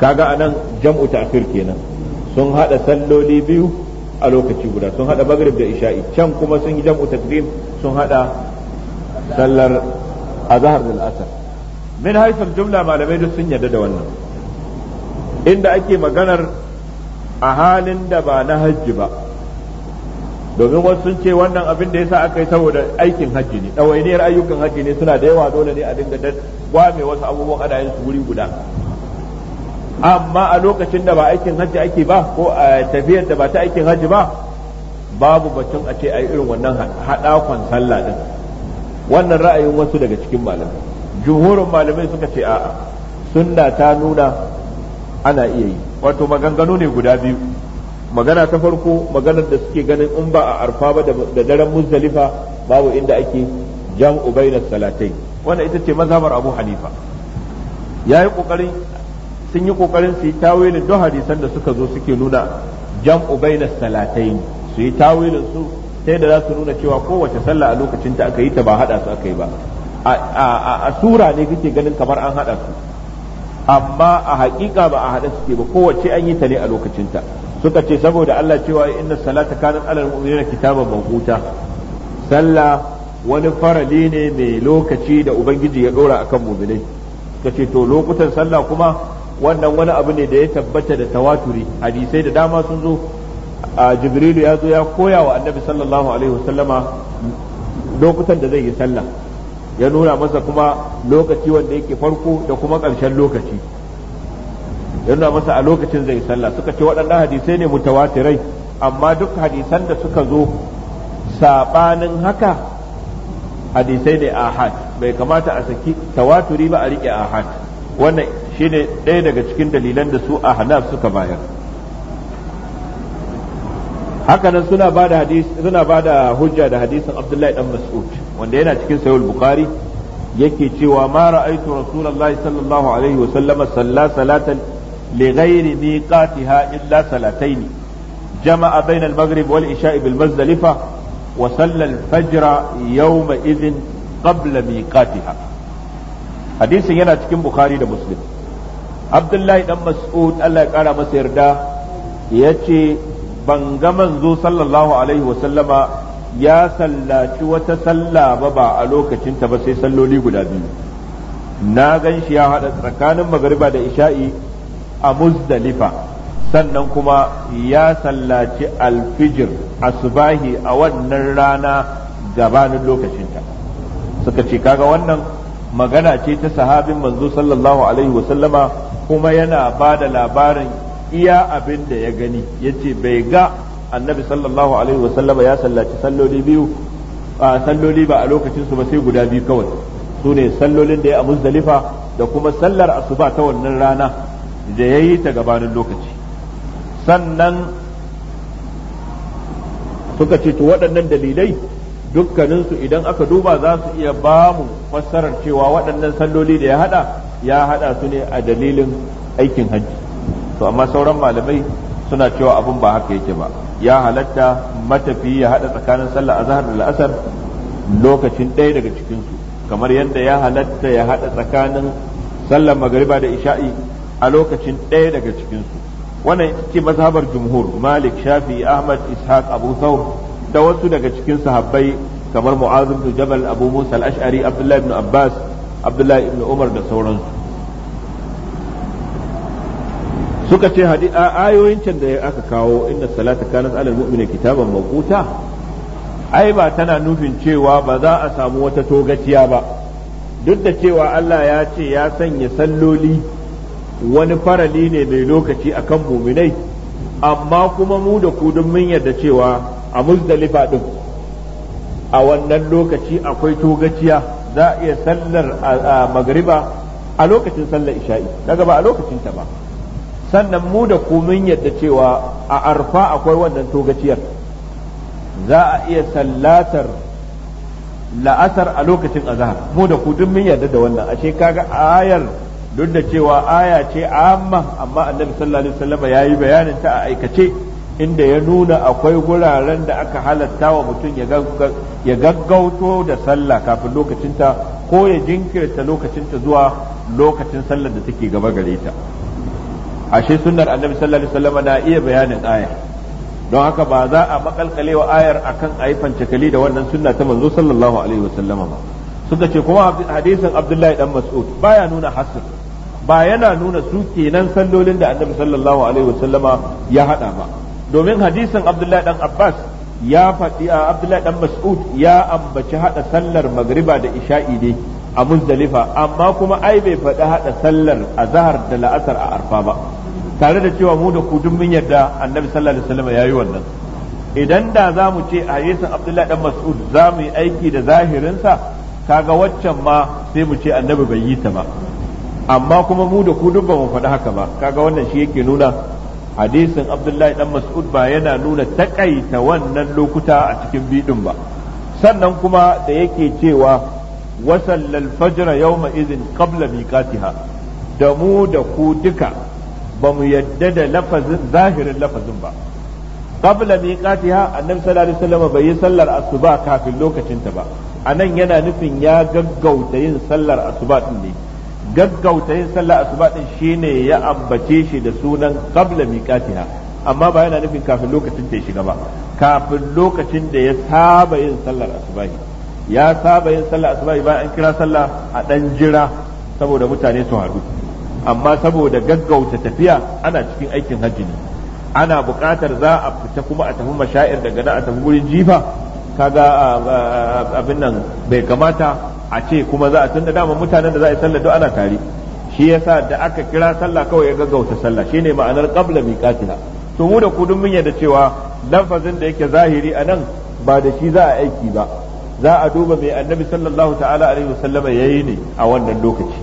kaga anan jam'u ta'khir kenan sun hada salloli biyu a lokaci guda sun hada magrib da isha'i can kuma sun yi jam'u taqdim sun hada sallar azhar da al'asr min haifar jumla malamai duk sun yarda da wannan inda ake maganar a halin da ba na hajji ba domin wasu sun ce wannan abin da ya sa aka yi saboda aikin hajji ne ɗawainiyar ayyukan hajji ne suna da yawa dole ne a dinga da gwame wasu abubuwan ana yin su wuri guda amma a lokacin da ba aikin hajji ake ba ko a tafiyar da ba ta aikin hajji ba babu batun a ce a yi irin wannan haɗakon sallah din wannan ra'ayin wasu daga cikin malamai jumhurin malamai suka ce a'a sunna ta nuna ana iya yi wato maganganu ne guda biyu magana ta farko maganar da suke ganin in ba a arfa ba da daren muzdalifa babu inda ake jam'u bainas salatai wannan ita ce mazhabar abu hanifa yayi kokarin sun yi kokarin su yi tawilin don hadisan da suka zo suke nuna jam'u bainas salatai su yi tawilin su sai da za su nuna cewa kowace sallah a lokacin ta aka yi ta ba hada su aka yi ba a sura ne kake ganin kamar an hada su amma a hakika ba a hada suke ba kowace an yi ta ne a lokacin ta suka ce saboda Allah cewa inna salata kanat alal mu'minina kitaban mawquta sallah wani farali ne mai lokaci da ubangiji ya dora akan mu'minai suka ce to lokutan salla kuma wannan wani abu ne da ya tabbata da tawaturi hadisai da dama sun zo a jibrilu ya zo ya koya wa annabi sallallahu alaihi wasallama lokutan da zai yi sallah ya nuna masa kuma lokaci wanda yake farko da kuma ƙarshen lokaci ya nuna masa a lokacin zai sallah suka ce waɗannan hadisai ne mutawatirai amma duk hadisan da suka zo saɓanin haka hadisai ne ahad bai kamata a saki tawaturi ba a rike ahad wannan shine ɗaya daga cikin dalilan da su a ahnaf suka bayar hakanan suna ba da suna ba da hujja da hadisin abdullahi dan mas'ud wanda yana cikin sahih bukhari yake cewa ma ra'aytu rasulullahi sallallahu alaihi wa sallama salla salatan li ne katiha illa salataini jama'a bain al-maghrib wal isha'i bil muzdalifa wa salla al-fajr yawma idhin qabla miqatiha hadisin yana cikin bukhari da muslim abdullahi dan mas'ud Allah ya kara masa yarda yace ban ga manzo sallallahu alaihi wa sallama ya sallaci wata sallah ba ba a lokacin ta ba sai salloli guda biyu na gan shi ya haɗa tsakanin magariba da isha'i a muzdalifa sannan kuma ya sallaci alfijir asubahi a wannan rana gabanin lokacinta suka ce kaga wannan magana ce ta sahabin manzo sallallahu alaihi wasallama kuma yana ba da labarin iya abin da ya gani ya ce bai ga annabi sallallahu alaihi wasallama ya sallaci salloli biyu a salloli ba a lokacinsu ba sai guda biyu kawai su ne sallolin da ya a muzdalifa da kuma sallar asuba ta wannan rana da ya yi ta gabanin lokaci sannan suka ce to waɗannan dalilai dukkaninsu idan aka duba za su iya ba mu fassarar cewa waɗannan salloli da ya haɗa ya haɗa su ne a dalilin aikin hajji to amma sauran malamai suna cewa abin ba haka yake ba ya halatta matafi ya haɗa tsakanin sallar azhar da la'asar lokacin ɗaya daga cikinsu kamar yadda ya halatta ya haɗa tsakanin sallar magariba da isha'i a lokacin ɗaya daga cikinsu wannan ce mazhabar jumhur malik shafi ahmad ishaq abu thawr da wasu daga cikin sahabbai kamar mu'az bin jabal abu musa al-ash'ari abdullahi ibn abbas abdullahi ibn umar da sauransu suka ce ayoyin can da aka kawo inna salata kanat alal mu'mini kitaban mawquta ai ba tana nufin cewa ba za a samu wata togaciya ba duk da cewa Allah ya ce ya sanya salloli wani farali ne mai lokaci akan muminai amma kuma mu da kudin mun yarda cewa a muzdalifa din a wannan lokaci akwai togaciya za a iya sallar a magariba a lokacin sallar isha'i daga ba a lokacin ta ba sannan mu da ku mun yarda cewa a arfa akwai wannan togaciyar za a iya sallatar la'asar a lokacin azhar mu da kudin mun yarda da wannan ashe kaga ayar duk da cewa aya ce amma amma annabi sallallahu alaihi wasallam ya yi bayanin ta a aikace inda ya nuna akwai guraren da aka halatta wa mutum ya gaggauto da sallah kafin ta ko ya jinkirta lokacin ta zuwa lokacin sallar da take gaba gare ta ashe sunnar annabi sallallahu alaihi wasallam na iya bayanin aya don haka ba za a makalkalewa ayar akan ayi fancakali da wannan sunna ta manzo sallallahu alaihi wasallama ba suka ce kuma hadisin abdullahi dan mas'ud baya nuna hasr ba yana nuna su kenan sallolin da annabi sallallahu alaihi wasallama ya hada ba domin hadisin abdullahi dan abbas ya faɗi a abdullahi dan mas'ud ya ambaci hada sallar magriba da isha'i ne a muzdalifa amma kuma ai bai faɗi hada sallar azhar da la'asar a arfa ba tare da cewa mu da ku duk mun yarda annabi sallallahu alaihi wasallama yayi wannan idan da za mu ce a hadisin abdullahi dan mas'ud za mu yi aiki da zahirinsa kaga waccan ma sai mu ce annabi bai yi ta ba amma kuma mu da ku duk ba mu faɗi haka ba kaga wannan shi yake nuna hadisin abdullahi dan mas'ud ba yana nuna takaita wannan lokuta a cikin bidin ba sannan kuma da yake cewa wasallal fajra yawma idhin qabla miqatiha da mu da ku duka ba mu yadda da lafazin zahirin lafazin ba qabla miqatiha annabi sallallahu alaihi wasallam bai yi sallar asuba kafin lokacin ta ba anan yana nufin ya gaggauta yin sallar asuba din ne gaggauta yin sallah asuba din shine ya ambace shi da sunan qabla miqatiha amma ba yana nufin kafin lokacin da ya shiga ba kafin lokacin da ya saba yin sallar asuba ya saba yin sallar asuba bayan an kira sallah a dan jira saboda mutane su haɗu amma saboda gaggauta tafiya ana cikin aikin hajji ne ana buƙatar za a fita kuma a tafi mashayar daga nan a tafi gurin jifa kaga ah, ah, ah, abin nan bai kamata a ce kuma za a da dama mutanen da za a yi sallah duk ana tare shi yasa da aka kira sallah kawai ya gaggauta sallah shine ma'anar qabla miqatiha to mu da ku duk mun yadda cewa lafazin da yake zahiri anan ba da shi za a aiki ba za a duba mai annabi sallallahu ta'ala alaihi wasallama yayi ne a wannan lokaci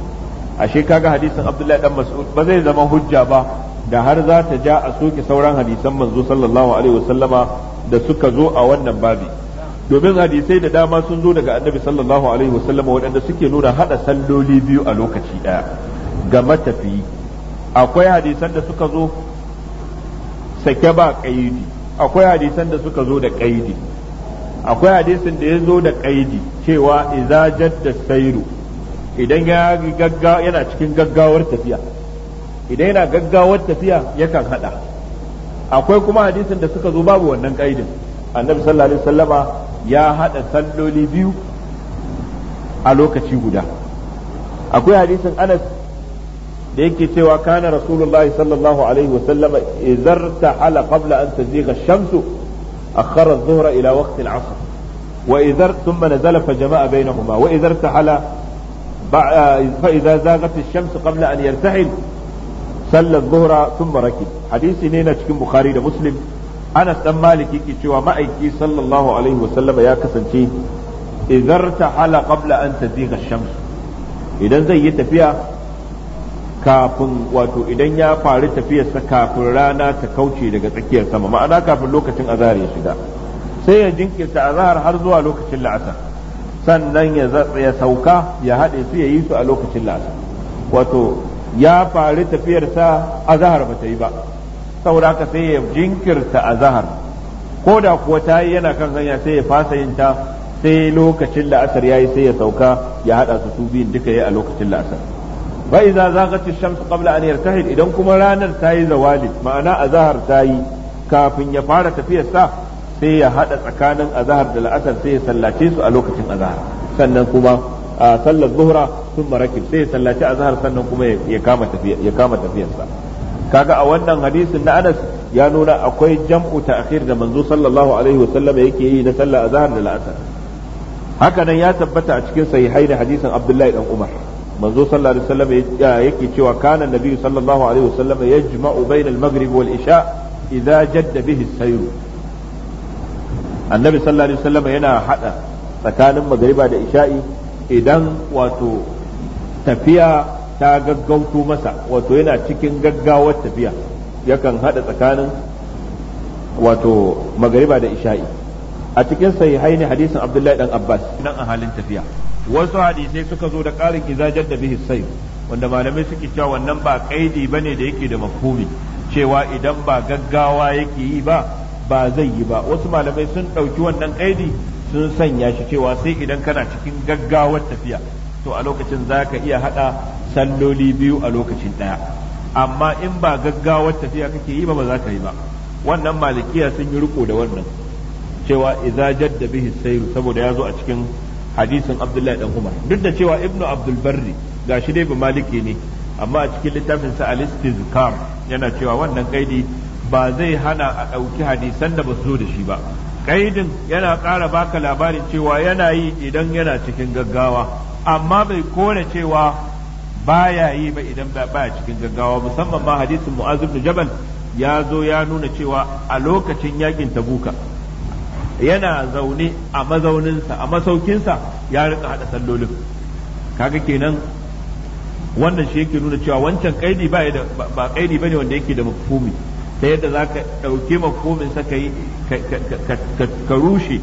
ashe kaga hadisin abdullahi dan mas'ud ba zai zama hujja ba da har za ta ja a soke sauran hadisan manzo sallallahu alaihi wasallama da suka zo a wannan babi domin hadisai da dama sun zo daga annabi sallallahu alaihi wasallam waɗanda suke nuna hada salloli biyu a lokaci ɗaya ga matafiyi akwai hadisan da suka zo sake ba kaidi akwai hadisan da suka zo da kaidi akwai hadisin da ya zo da kaidi cewa idza jadda sairu idan ya gagga yana cikin gaggawar tafiya idan yana gaggawar tafiya yakan hada akwai kuma hadisin da suka zo babu wannan kaidin annabi sallallahu alaihi wasallama ya haɗa salloli biyu a lokaci guda akwai hadisin anas da yake cewa kana rasulullahi sallallahu alaihi wa sallama izarta hala qabla an taziga shamsu akhara adh-dhuhra ila waqti al-'asr wa idhar thumma nazala fa jama'a bainahuma wa idhar tahala fa idza zaghat ash-shams qabla an yartahil salla adh-dhuhra thumma rakib hadisi ne na cikin bukhari da muslim anas dan malik yake cewa ma'aiki sallallahu alaihi wasallama ya kasance izarta hala qabla an taziga shams idan zai yi tafiya kafin wato idan ya faru tafiyarsa kafin rana ta kauce daga tsakiyar sama ma'ana kafin lokacin azhar ya shiga sai ya jinkirta azhar har zuwa lokacin la'asar sannan ya ya sauka ya haɗe su ya yi su a lokacin la'asar wato ya faru tafiyarsa azhar ba ta yi ba saboda haka sai ya jinkirta azahar ko da kuwa ta yi yana kan hanya sai ya fasa yin ta sai lokacin la'asar yayi sai ya sauka ya hada su su biyun duka yayi a lokacin la'asar fa idza zaghat ash-shams qabla an yartahil idan kuma ranar ta yi zawali ma'ana azahar ta yi kafin ya fara tafiyar sa sai ya haɗa tsakanin zahar da la'asar sai ya sallace su a lokacin zahar sannan kuma a sallar zuhra sun marakib sai ya a azahar sannan kuma kama ya kama tafiyar sa kaga a wannan hadisin na Anas ya nuna akwai jam'u ta'khir da manzo sallallahu alaihi wa wasallam yake yi na sallah azhar da la'asar haka nan ya tabbata a cikin sahihai da hadisin Abdullahi dan Umar manzo sallallahu alaihi wa wasallam yake cewa kana nabi sallallahu alaihi wa wasallam yajma'u bayna al-maghrib wal isha idza jadda bihi as-sayr annabi sallallahu alaihi wa wasallam yana hada tsakanin magriba da isha'i idan wato tafiya ta gaggauto masa wato yana cikin gaggawar tafiya yakan hada tsakanin wato magariba da isha'i a cikin sahihai ne hadisin abdullahi dan abbas nan a halin tafiya wasu hadisai suka zo da karin izajar da bihi sai wanda malamai suke cewa wannan ba kaidi bane da yake da mafhumi cewa idan ba gaggawa yake yi ba ba zai yi ba wasu malamai sun ɗauki wannan kaidi sun sanya shi cewa sai idan kana cikin gaggawar tafiya to a lokacin za ka iya haɗa salloli biyu a lokacin ɗaya amma in ba gaggawa tafiya kake yi ba ba za ka yi ba wannan malikiya sun yi riko da wannan cewa idza jadda bihi sayr saboda ya zo a cikin hadisin abdullahi dan umar duk da cewa ibnu abdul barri gashi dai ba maliki ne amma a cikin littafin sa al yana cewa wannan kaidi ba zai hana a ɗauki hadisan da ba su zo da shi ba kaidin yana ƙara baka labarin cewa yana yi idan yana cikin gaggawa amma bai kore cewa baya yi ba idan ba baya cikin gaggawa musamman ma hadisin mu'az ibn jabal ya zo ya nuna cewa a lokacin yakin tabuka yana zaune a mazauninsa a masaukinsa ya rika hada sallolin kaga kenan wannan shi yake nuna cewa wancan kaidi ba ba kaidi bane wanda yake da mafhumi ta yadda za ka ɗauki mafhumin sa ka ka rushe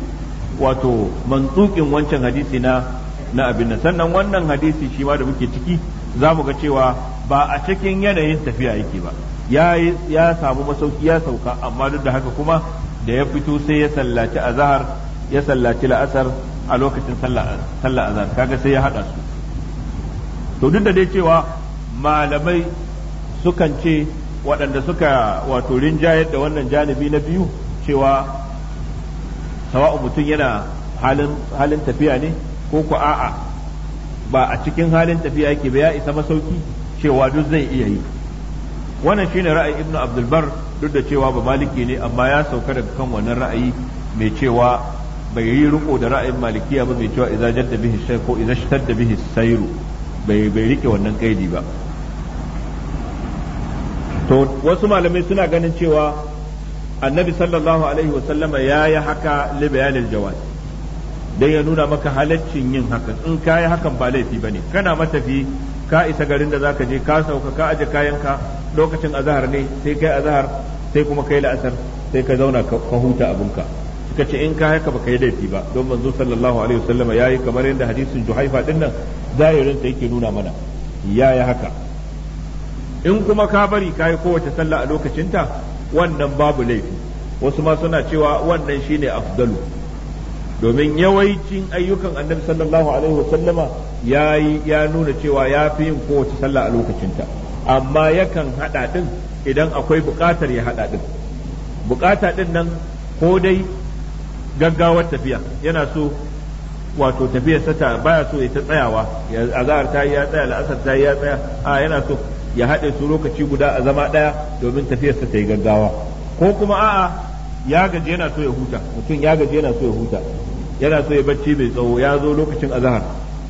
wato mantsukin wancan hadisi na na abin nan sannan wannan hadisi shi ma da muke ciki za mu ga cewa ba a cikin yanayin tafiya yake ba ya samu masauki ya sauka amma duk da haka kuma da ya fito sai ya sallaci azhar ya sallaci la'asar a lokacin sallah azhar kaga sai ya hada su to duk da dai cewa malamai sukan ce waɗanda suka wato rinjayar da wannan janibi na biyu cewa sawa'u mutum yana halin tafiya ne ko ku a'a ba a cikin halin tafiya yake ba ya isa masauki cewa duk zai iya yi wannan shine ra'ayin ibnu abdul bar duk da cewa ba maliki ne amma ya sauka daga kan wannan ra'ayi mai cewa bai yi riko da ra'ayin malikiya ba mai cewa idza jadda bihi shay ko idza shadda bihi sayru bai bai rike wannan kaidi ba to wasu malamai suna ganin cewa annabi sallallahu alaihi wasallama ya yi haka li bayanil jawaz dan ya nuna maka halaccin yin hakan in kayi hakan ba laifi ba bane kana matafi ka isa garin da zaka je ka sauka ka aje kayanka lokacin azhar ne sai kai azhar sai kuma kai la'asar sai ka zauna ka huta abunka suka ce in ka haka ka yi laifi ba don manzo sallallahu alaihi wasallam yayi kamar yadda hadisin Juhaifa din nan zahirin sa yake nuna mana yayi haka in kuma ka bari kayi kowace sallah a lokacinta wannan babu laifi wasu ma suna cewa wannan shine afdalu domin yawancin ayyukan annabi sallallahu alaihi wasallama ya ya nuna cewa ya fi yin kowace sallah a lokacinta amma yakan hada din idan akwai bukatar ya hada din bukata din nan ko dai gaggawar tafiya yana so wato tafiyar ta baya so ya ta tsayawa azhar ta ya tsaya la'asar ta ya tsaya a yana so ya haɗe su lokaci guda a zama ɗaya domin tafiyar ta yi gaggawa ko kuma a'a ya gaji yana so ya huta mutum ya gaji yana so ya huta yana so ya bacci bai tsawo ya zo lokacin azahar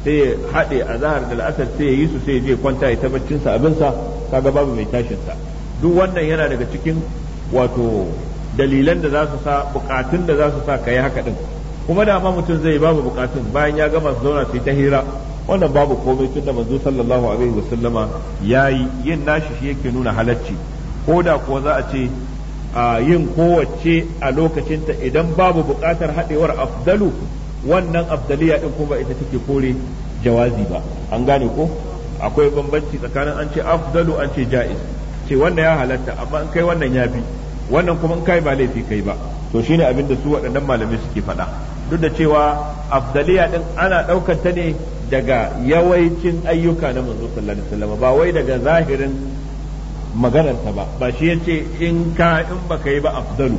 sai ya haɗe azahar da la'asar sai ya yi su sai ya je kwanta ya ta baccinsa abinsa kaga babu mai tashinsa duk wannan yana daga cikin wato dalilan da za su sa bukatun da za su sa kai haka din kuma da ma mutum zai babu bukatun bayan ya gama su zauna sai ta hira wannan babu komai tun da manzo sallallahu alaihi wasallama yayi yin nashi shi yake nuna halacci ko da kuwa za a ce a yin kowace a lokacinta idan babu buƙatar haɗewar afdalu wannan afdaliya ɗin kuma ita take kore jawazi ba an gane ko akwai bambanci tsakanin an ce afdalu an ce ja'iz ce wannan ya halatta amma in kai wannan ya fi wannan kuma in kai ba laifi kai ba to shine abin da su waɗannan malamai suke faɗa duk da cewa afdaliya ɗin ana ɗaukar ta ne daga yawancin ayyuka na manzo sallallahu alaihi wasallam ba wai daga zahirin maganarsa ba ba shi ya ce in ka in baka yi ba afdalu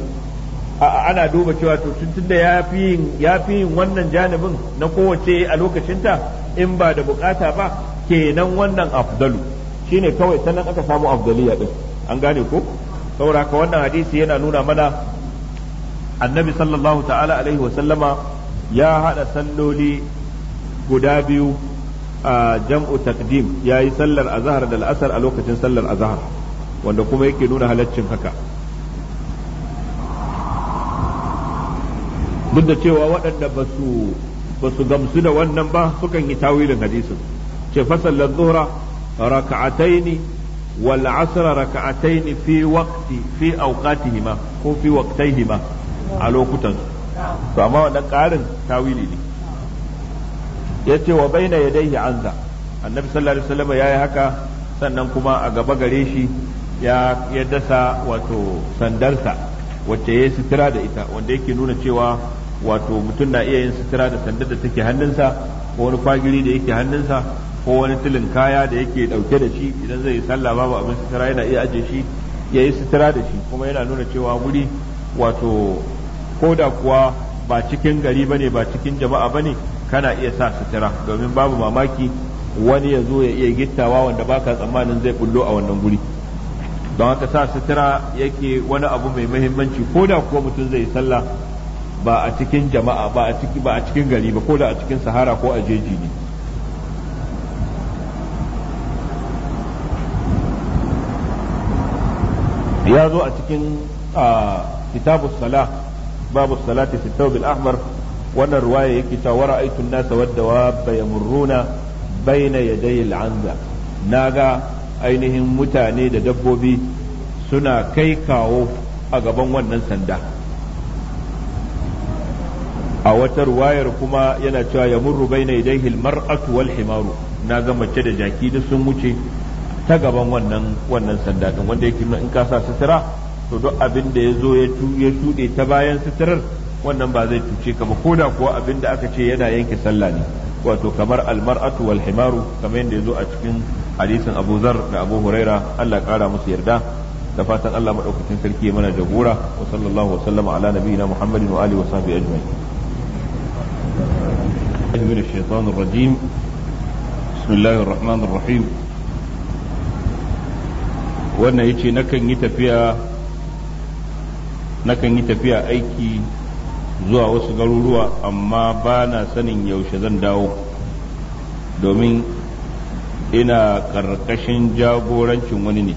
ana duba cewa to tun da ya fi yin wannan janibin na kowace a lokacinta in ba da bukata ba kenan wannan afdalu shine kawai sannan aka samu afdaliya din an gane ko saboda wannan hadisi yana nuna mana annabi sallallahu ta'ala alaihi wa sallama ya hada salloli guda biyu a jam'u ya yi sallar azahar da al'asar a lokacin sallar azahar. wanda kuma yake nuna halaccin haka duk da cewa waɗanda ba su gamsu da wannan ba sukan yi tawilin hadisin ce fasallar zuhra raka'ataini wal asra raka'ataini fi waqti fi hima ko fi hima a lokutan to amma wannan ƙarin tawili ne Ya ce wa baina yadayhi anza annabi sallallahu alaihi wasallam yi haka sannan kuma a gaba gare shi ya dasa wato sandarsa wacce ya sutura da ita wanda yake nuna cewa wato mutum na iya yin sutura da sandar da take hannunsa ko wani fagiri da yake hannunsa ko wani tilin kaya da yake dauke da shi idan zai yi sallah babu abin sutura yana iya aje shi ya yi sutura da shi kuma yana nuna cewa wuri wato ko da kuwa ba cikin gari bane ba cikin jama'a bane kana iya sa sutura domin babu mamaki wani ya zo ya iya gittawa wanda baka tsammanin zai bullo a wannan guri don haka sa sutura yake wani abu mai muhimmanci ko da kuwa mutum zai sallah ba a cikin jama'a ba a cikin ba a cikin gari ba ko da a cikin sahara ko a jeji ne ya zo a cikin kitabu sala babu salati fi tawbil ahmar wannan ruwaya yake cewa wa ra'aytu an-nasa wad-dawab yamurruna bayna yaday anza naga ainihin mutane da dabbobi suna kai kawo a gaban wannan sanda a wata ruwayar kuma yana cewa ya murru baina idan hilmar wal himaru na ga mace da jaki da sun wuce ta gaban wannan wannan sanda din wanda yake in ka sa sutura to duk abin da ya zo ya shuɗe ta bayan suturar wannan ba zai tuce ka ba ko da kuwa abin da aka ce yana yanke sallah ne wato kamar almar'atu wal himaru kamar yadda yazo a cikin hadisin Abu Zar da Abu Huraira Allah kara musu yarda da fatan Allah madaukakin sarki mana jagora wa sallallahu wa sallama ala nabiyina Muhammadin wa alihi wa sahbihi ajma'in من الشيطان الرجيم بسم الله الرحمن الرحيم wannan yace nakan yi tafiya nakan yi tafiya aiki zuwa wasu garuruwa amma ba na sanin yaushe zan dawo domin ina ƙarƙashin jagorancin wani ne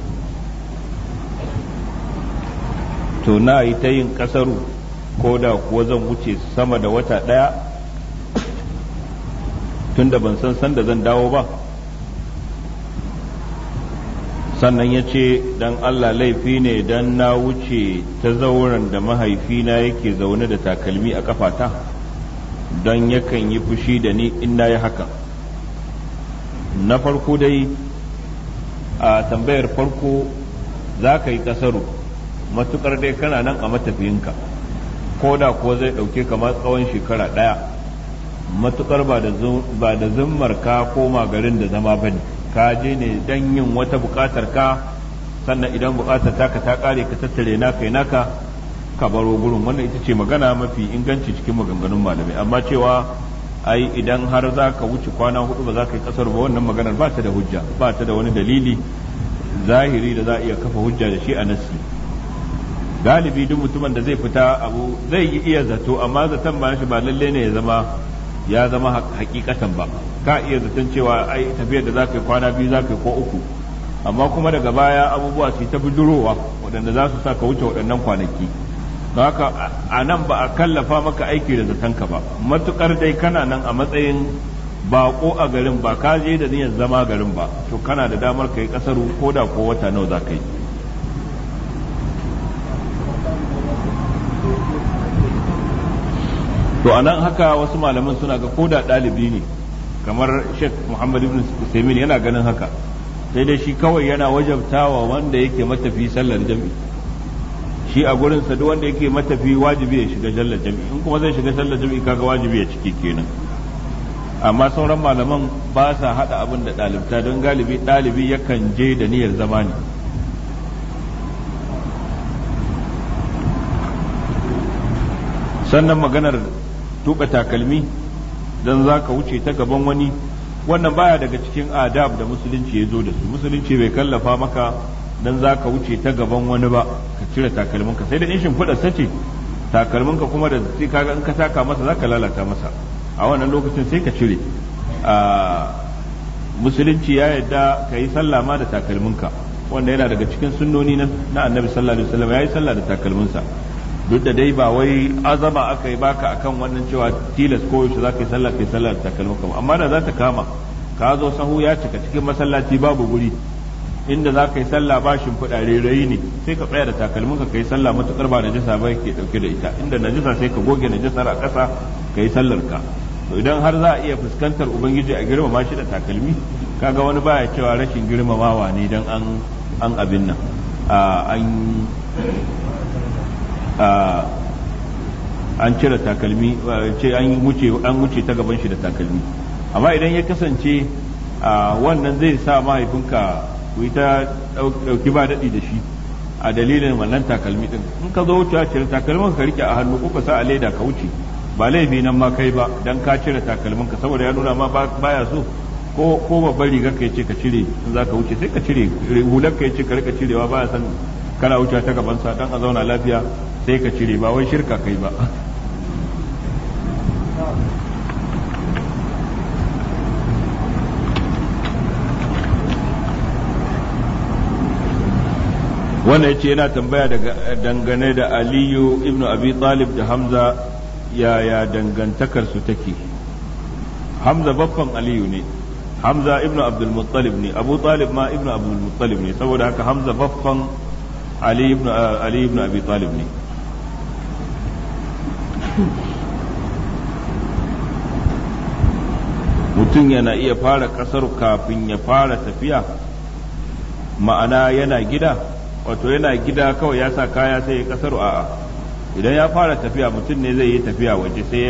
to na yi ta yin ƙasaru ko da kuwa zan wuce sama da wata ɗaya tunda ban san sanda zan dawo ba sannan ya ce don Allah laifi ne don na wuce ta zauren da mahaifina yake zaune da takalmi a kafata don yakan yi fushi da ni in na yi haka na farko dai a tambayar farko za ka yi kasaru matukar dai kana nan a matafiyinka ko da ko zai ɗauke kamar tsawon shekara ɗaya matukar ba da zummar ka koma garin da zama bane ne ka je ne dan yin wata buƙatar ka sannan idan buƙatar taka ta ƙare ka tattare kai naka ka baro gurin wannan ita ce magana mafi inganci cikin maganganun malamai amma cewa ai idan har za ka wuce kwana hudu ba za ka yi kasar ba wannan maganar ba ta da hujja ba ta da wani dalili zahiri da za a iya kafa hujja da shi a nassi galibi duk mutumin da zai fita abu zai iya zato amma zaton ba shi ba lalle ne ya zama ya zama hakikatan ba ka iya zaton cewa ai tafiyar da zaka yi kwana biyu zaka yi ko uku amma kuma daga baya abubuwa su ta bidurowa waɗanda za su sa ka wuce waɗannan kwanaki don haka a nan ba a kallafa maka aiki da zaton ka ba matukar dai kana nan a matsayin bako a garin ba ka je da niyyar zama garin ba to kana da damar ka yi kasaru ko da ko wata nawa zaka yi to a nan haka wasu malaman suna ga koda ɗalibi ne kamar sheikh muhammad ibn usaimin yana ganin haka sai dai shi kawai yana wajabtawa wanda yake matafi sallar jami'i shi a gurin sa duk wanda yake matafi wajibi ya shiga sallar jami'i in kuma zai shiga sallar jami'i kaga wajibi ya ciki kenan amma sauran malaman ba sa hada abin da dalibta don galibi ɗalibi yakan je da niyyar zama ne sannan maganar tuka takalmi dan za ka wuce ta gaban wani wannan baya daga cikin adab da musulunci ya zo da su musulunci bai kallafa maka dan za ka wuce ta gaban wani ba ka cire takalminka sai da in shimfiɗa sace takalminka kuma da sai kaga in ka taka masa za ka lalata masa a wannan lokacin sai ka cire musulunci ya yadda ka yi sallah ma da takalminka wanda yana daga cikin sunnoni na annabi sallallahu alaihi wasallam ya yi sallah da takalminsa duk da dai ba wai azama aka yi baka akan wannan cewa tilas ko yaushe za ka yi sallah kai sallah da takalmaka amma da za ta kama ka zo sahu ya cika cikin masallaci babu guri inda za ka yi sallah ba shimfiɗa ne sai ka tsaya da takalmin ka yi sallah matuƙar ba najasa ba ke ɗauke da ita inda najisa sai ka goge najasar a kasa ka yi sallar ka to idan har za a iya fuskantar ubangiji a girmama shi da takalmi kaga wani baya cewa rashin girmamawa ne dan an an abin nan an an cire takalmi ce an wuce an wuce ta gaban shi da takalmi amma idan ya kasance wannan zai sa mahaifinka ku yi ta ɗauki ba daɗi da shi a dalilin wannan takalmi din in ka zo wuce cire takalmin ka rike a hannu ko ka sa a leda ka wuce ba laifi nan ma kai ba dan ka cire takalmin ka saboda ya nuna ma baya so ko ko babban rigar ka yace ka cire in ka wuce sai ka cire hular ka yace ka rika cirewa baya san kana wuce ta gaban sa dan a zauna lafiya sai ka cire ba wai shirka kai ba wannan yace yana tambaya daga dangane da aliyu ibn abi talib da hamza yaya dangantakar su take hamza baffan aliyu ne hamza ibn abdul muttalib ne abu talib ma ibn abdul muttalib ne saboda haka hamza baffan ali ibn ali ibn abi talib ne mutum yana iya fara ƙasar kafin ya fara tafiya ma'ana yana gida wato yana gida kawai ya sa kaya sai ya ƙasar a'a idan ya fara tafiya mutum ne zai yi tafiya waje sai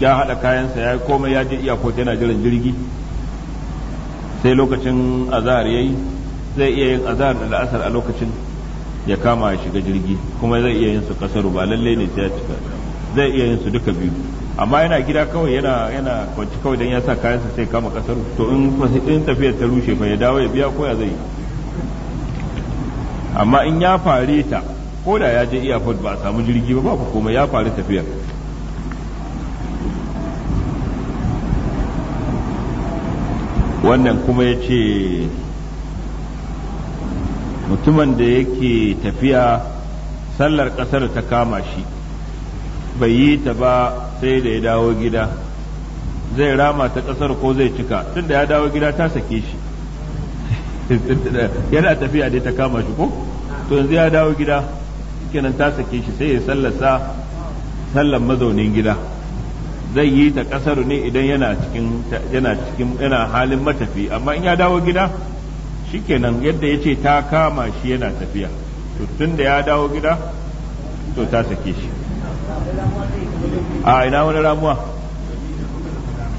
ya haɗa kayansa ya komai ya je iyakot yana jiran jirgi sai lokacin azahar ya yi zai iya yin azahar da la'asar a lokacin ya kama ya shiga jirgi kuma zai iya yin su ƙasar ba lallai ne sai ya cika zai iya yin su duka biyu amma yana gida kawai yana yana kwanci kawai dan ya sa kayan sa sai kama kasar to in in tafiyar ta rushe fa ya dawo ya biya ko ya zai amma in ya fare ta ko da ya je airport ba a samu jirgi ba ba komai ya fare tafiyar wannan kuma ya ce mutumin da yake tafiya sallar kasar ta kama shi bai yi ta ba sai da ya dawo gida zai rama ta ƙasar ko zai cika tunda ya dawo gida ta sake shi *laughs* yana tafiya dai ta kama shi ko to yanzu ya dawo gida kenan ta sake shi sai ya sallasa sallan mazaunin gida zai yi ta kasar ne idan yana cikin yana cikin yana halin matafi amma in ya dawo gida shikenan yadda yace ta kama shi yana tafiya to tunda ya dawo gida to ta sake shi a ina wani ramuwa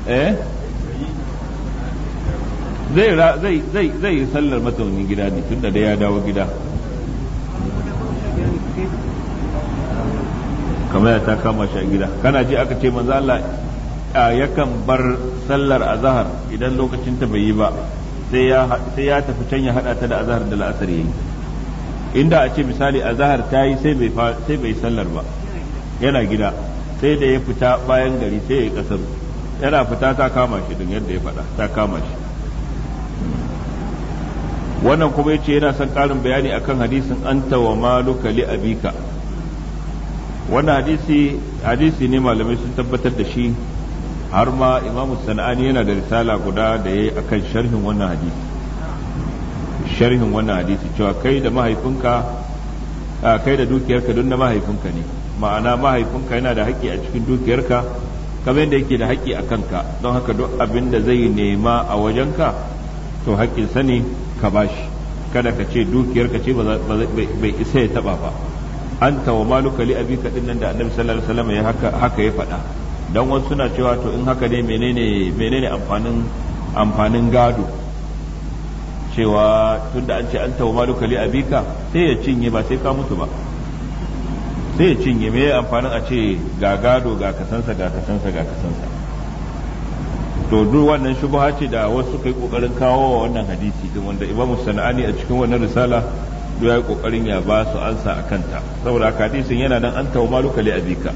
eh zai zai zai zai sallar mazaunin gida ne tunda da ya dawo gida kamar ta kama shi a gida kana ji aka ce manzo Allah yakan bar sallar azhar idan lokacin ta bai yi ba sai ya sai ya tafi can ya hada ta da azhar da la'asar yayi inda a ce misali azhar ta yi sai bai sai bai sallar ba yana gida sai da ya fita bayan gari sai ya yi kasar yana fita ta kama shi din yadda ya faɗa ta kama shi wannan kuma yace yana son ƙarin bayani akan hadisin anta wa maluka li abika wannan hadisi hadisi ne malamai sun tabbatar da shi har ma imamu sana'ani yana da risala guda da ya yi a sharhin wannan hadisi sharhin wannan hadisi cewa kai da mahaifinka kai da dukiyarka don na mahaifinka ne ma'ana mahaifinka yana da haƙƙi a cikin dukiyarka kamar yadda yake da haƙƙi a kanka don haka duk abin da zai nema a wajenka to haƙƙinsa ne ka bashi kada ka ce dukiyarka ce bai isa ya taɓa ba an tawa maluka li abi kaɗin nan da annabi sallallahu alaihi wasallam ya haka haka ya faɗa dan wasu suna cewa to in haka ne menene menene amfanin amfanin gado cewa tunda an ce an tawa maluka li abika sai ya cinye ba sai ka mutu ba sai ya cinye me ya amfanin a ce ga gado ga kasansa ga kasansa ga kasansa to duk wannan shubha ce da wasu kai kokarin kawo wa wannan hadisi din wanda imamu sana'ani a cikin wannan risala ya yayi kokarin ya ba su ansa akan ta saboda haka hadisin yana nan an tawo maluka li abika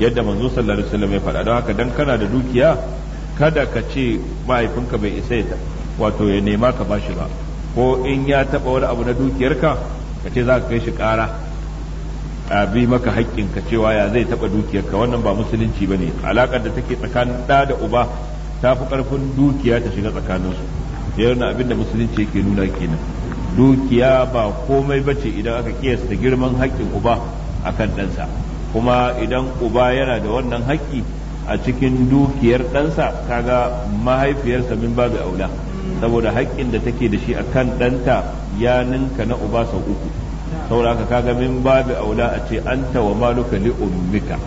yadda manzo sallallahu alaihi wasallam ya faɗa don haka dan kana da dukiya kada ka ce mahaifinka bai isa ya wato ya nema ka ba shi ba ko in ya taba wani abu na dukiyarka ka ce za ka kai shi ƙara a maka maka ka cewa ya zai taɓa dukiyarka wannan ba musulunci ba ne alaƙar da take tsakanin ɗa da uba ta fi ƙarfin dukiya ta shiga tsakaninsu ya yi abin da musulunci yake nuna kenan dukiya ba komai ba ce idan aka kiyasta girman haƙƙin uba a kan ɗansa kuma idan uba yana da wannan haƙƙi a cikin dukiyar ɗansa kaga mahaifiyarsa min babu aula saboda haƙƙin da take da shi a kan ɗanta ya ninka na uba sau uku saboda haka kaga min babu aula a ce anta wa maluka li ummika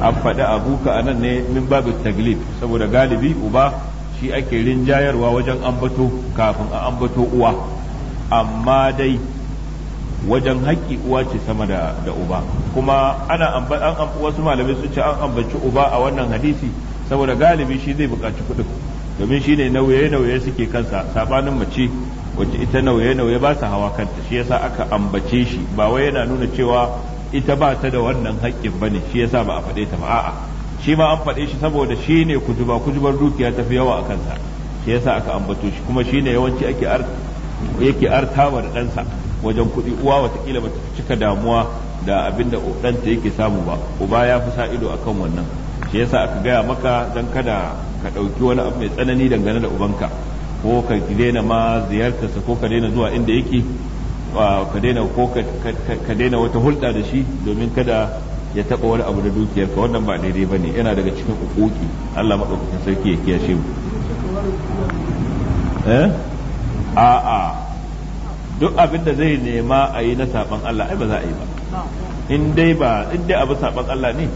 an faɗi abuka anan ne min babu taglib saboda galibi uba shi ake rinjayarwa wajen ambato kafin a ambato uwa amma dai wajen haƙƙi uwa ce sama da da uba kuma ana an wasu malamai sun ce an ambaci uba a wannan hadisi saboda galibi shi zai buƙaci kuɗi domin shi ne nauye-nauye suke kansa sabanin mace wacce ita nauye-nauye ba su hawa kanta shi yasa aka ambace shi ba wai yana nuna cewa ita ba ta da wannan haƙƙin bane shi yasa ba a faɗe ta ba a'a shi ma an faɗe shi saboda shi ne kujuba kujubar dukiya ta fi yawa a kansa shi yasa aka ambato shi kuma shi ne yawanci ake yake artawa da ɗansa wajen kuɗi uwa watakila ba ta cika damuwa da abin da ɗanta yake samu ba uba ya fi sa ido akan wannan shi yasa aka gaya maka don kada ka ɗauki wani abu mai tsanani dangane da ubanka ko ka daina ma ziyartarsa ko ka daina zuwa inda yake ka daina ko ka daina wata hulɗa da shi domin kada ya taɓa wani abu da dukiyarka wannan ba daidai ba ne yana daga cikin ukuki Allah maɗaukakin sarki ya kiyashe mu eh? a'a duk abin da zai nema a yi na saɓan Allah ai ba za a yi ba in dai ba in dai abu saɓan Allah ne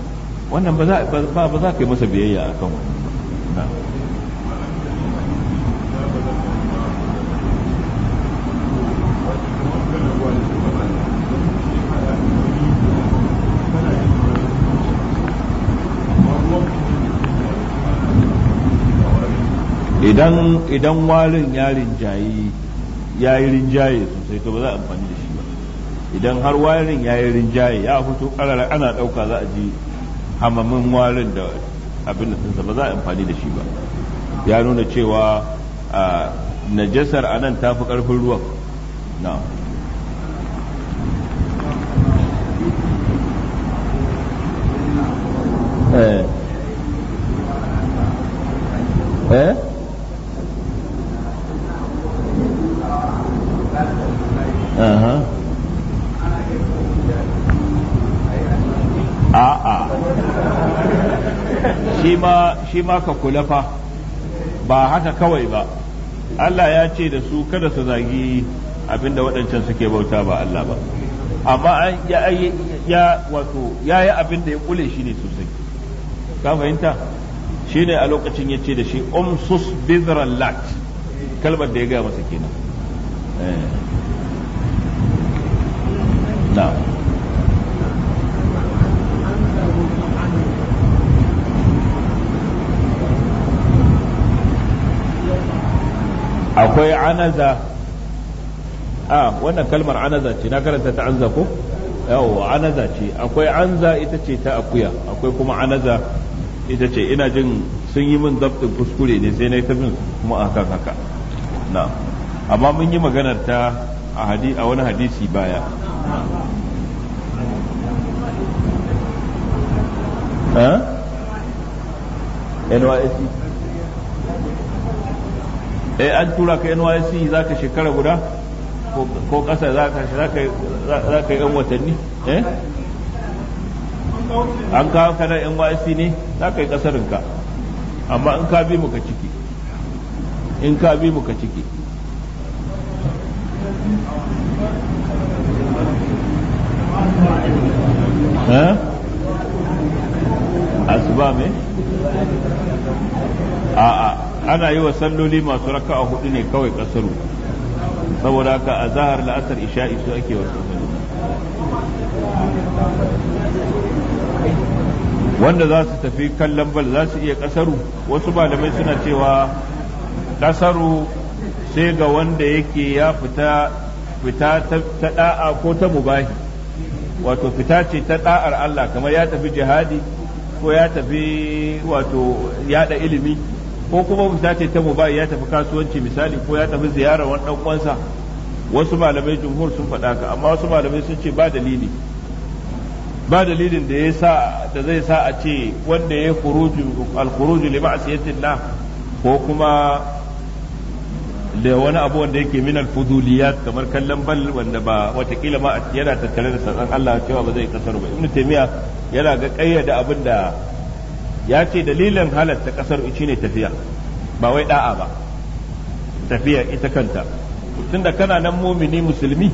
wannan ba za ka yi masa biyayya akan wannan idan idan warin ya ya yi rinjaye sosai to ba za a amfani da shi ba idan har warin ya yi rinjaye ya fito karara ana ɗauka za a ji hamamin warin da abin da ba za a amfani da shi ba ya nuna cewa a najasar anan ta fi karfin ruwan na. eh eh shi ma ka kula fa ba haka kawai ba Allah ya ce da su kada su zagi abinda waɗancan suke bauta ba Allah ba amma ya ya wato ya yi abin da ya kule shi ne sosai ka fahimta shi ne a lokacin ya ce da shi umsus bizran lat kalmar da ya gaya masa kenan eh. akwai anaza a ah, wannan kalmar anaza ce na karanta ta anza ko yawo anaza ce akwai anza ita ce ta akuya akwai kuma anaza ita ce ina jin sun yi min zabtin kuskure ne sai na yi ta bin kuma a kan haka na amma mun yi maganar ta a wani hadisi baya NYSC e? eh an tura ka NYC za ka shekara guda ko ƙasa za ka yi 'yan watanni eh an kawo ka NYC ne za ka yi ƙasarinka amma in ka bi mu ka ciki in ka bi mu ka ciki eh? asuba me a'a ana yi wa salloli masu raka a hudu ne kawai kasaru saboda haka a zahar la'asar isha'i su ake wasu wanda za su tafi kallon bal za su iya kasaru wasu malamai suna cewa kasaru sai ga wanda yake ya fita fita ta da'a ko ta mubahi wato fita ce ta da'ar Allah kamar ya tafi jihadi ko ya tafi wato yada ilimi ko kuma fita ce ta mubayi ya tafi kasuwanci misali ko ya tafi ziyarar wani ɗan uwansa wasu malamai jumhur sun faɗa ka amma wasu malamai sun ce ba dalili ba dalilin da ya sa da zai sa a ce wanda ya khuruju al-khuruju li ma'siyatillah ko kuma da wani abu wanda yake min al-fuduliyat kamar kallon bal wanda ba watakila ma yana tattare da sanan Allah cewa ba zai kasar ba ibnu taymiya yana ga kayyada abin da ya ce dalilin halatta kasar shi ne tafiya ba wai da'a ba tafiya ita kanta tun da kana nan mumini musulmi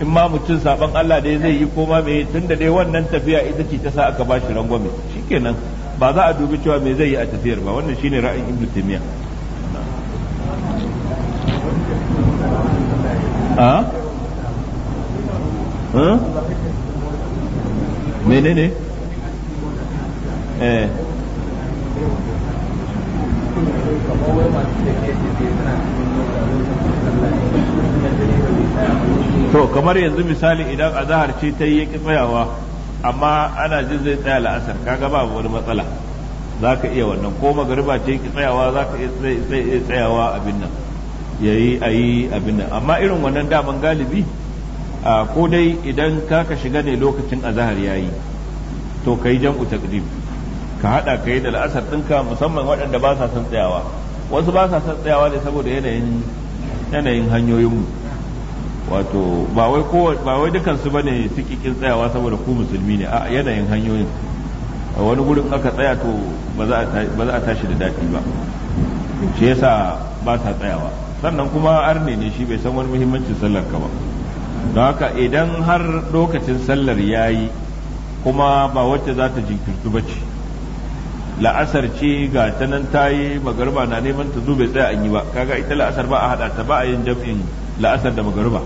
in ma mutum saban Allah da zai yi koma mai da dai wannan tafiya ita ce ta sa aka ba shi rangwame shikenan ba za a dubi cewa me zai yi a tafiyar ba wannan shine ra'ayin Ibn Taymiyyah a menene eh to kamar yanzu misali idan azahar ce ta yi ki tsayawa amma ana jin zai tsaya la'asar kaga ba wani matsala za ka iya wannan ko magariba ce ki tsayawa za ka iya tsayawa abin nan ya yi a yi abin nan amma irin wannan daman galibi a ko dai idan ka ka shiga ne lokacin azahar ya yi to ka yi jam'u takdim ka haɗa ka yi da la'asar ɗinka musamman waɗanda ba sa son tsayawa wasu ba sa son tsayawa ne saboda yanayin yanayin hanyoyinmu wato ba wai kowa ba wai dukan su bane su kikin tsayawa saboda ku musulmi ne a yanayin hanyoyin wani gurin aka tsaya to ba za a tashi da dadi ba shi yasa ba sa tsayawa sannan kuma arne ne shi bai san wani muhimmancin sallar ka ba don haka idan har lokacin sallar yayi kuma ba wacce za ta jinkirtu ba ce la'asar ce ga ta nan ta yi magarba na neman ta zube bai tsaya an yi ba kaga ita la'asar ba a haɗa ta ba a yin jam'in la'asar da magarba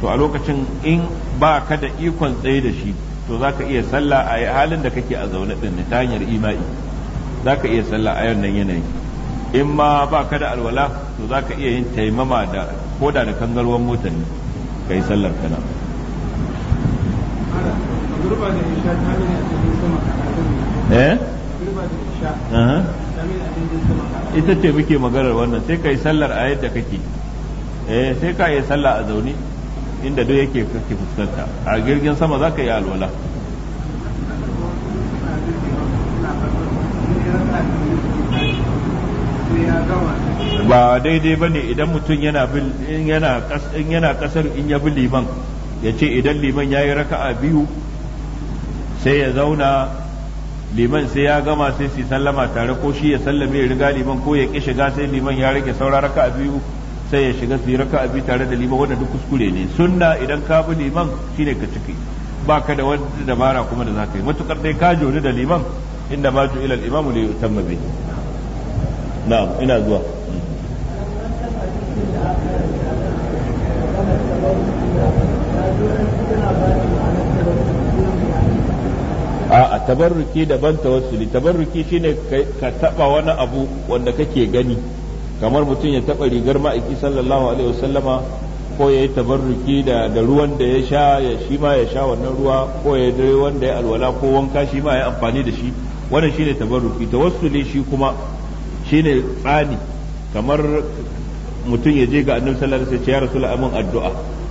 to a lokacin in ba ka da ikon tsaye da shi to za ka iya sallah a halin da kake a zaune ne ta hanyar ima'i za ka iya sallah a nan yanayi in ma ba ka da alwala to za ka iya yin taimama da koda da kangarwar motar ne ka yi sallar kana eh ita ce muke maganar wannan sai ka yi sallar a yadda kake eh sai ka yi sallah a zaune inda duk yake kake fuskanta a girgin sama za ka yi alwala ba daidai ba ne idan mutum yana kasar in ya bi liman ya ce idan liman ya yi raka'a biyu sai ya zauna liman sai ya gama sai su sallama tare ko shi ya sallame ya riga liman ko ya ki shiga sai liman ya rage saura raka a biyu sai ya shiga su raka a biyu tare da liman wanda duk kuskure ne sunna idan ka bi liman shine ka ciki ba ka da wani dabara kuma da zaka yi matukar dai ka jori da liman inda ma ju ilal imamu li yutamma bi na'am ina zuwa Thank you. a tabarruki daban tawassuli tabarruki shine ka taba wani abu wanda kake gani kamar mutum ya taba rigar ma'aiki sallallahu alaihi wasallama ko ya yi tabarruki da da ruwan da ya sha ya shi ma ya sha wannan ruwa ko ya dare wanda ya alwala ko wanka shi ma ya amfani da shi wannan shine tabarruki tawassuli shi kuma shine tsani kamar mutum ya je ga annabi sallallahu alaihi wasallam sai ya rasul amin addu'a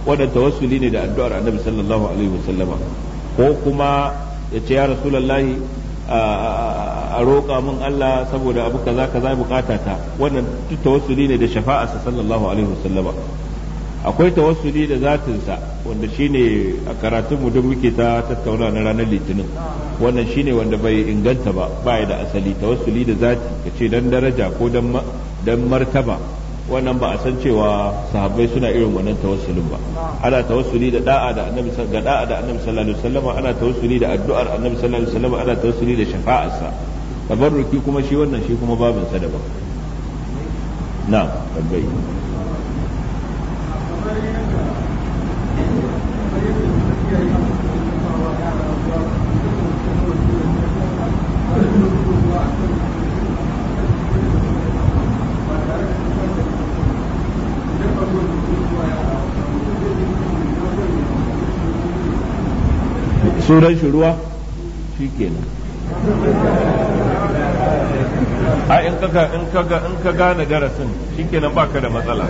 wannan tawassuli ne da addu'ar annabi sallallahu alaihi wasallama ko kuma ya ce ya rasulallahi a roƙa min Allah saboda abu kaza kaza bukata ta wannan duk tawassuli ne da shafa'arsa sallallahu alaihi wasallama akwai tawassuli da zatinsa wanda shine a karatun mu duk muke ta tattauna na ranar litinin wannan shine wanda bai inganta ba ba da asali tawassuli da zati kace dan daraja ko dan martaba wannan ba a san cewa sahabbai suna irin wannan tawassulin ba ana tawassuli da da'a da annabi ga da'a da annabi sallallahu alaihi wasallam ana tawassuli da addu'ar annabi sallallahu alaihi wasallam ana tawassuli da shafa'arsa tabarruki kuma shi wannan shi kuma babin sa daban na'am tabbai Thank you. sunan shi ruwa shi kenan a in kaga in kaga in ka gane darasin shikenan baka da matsala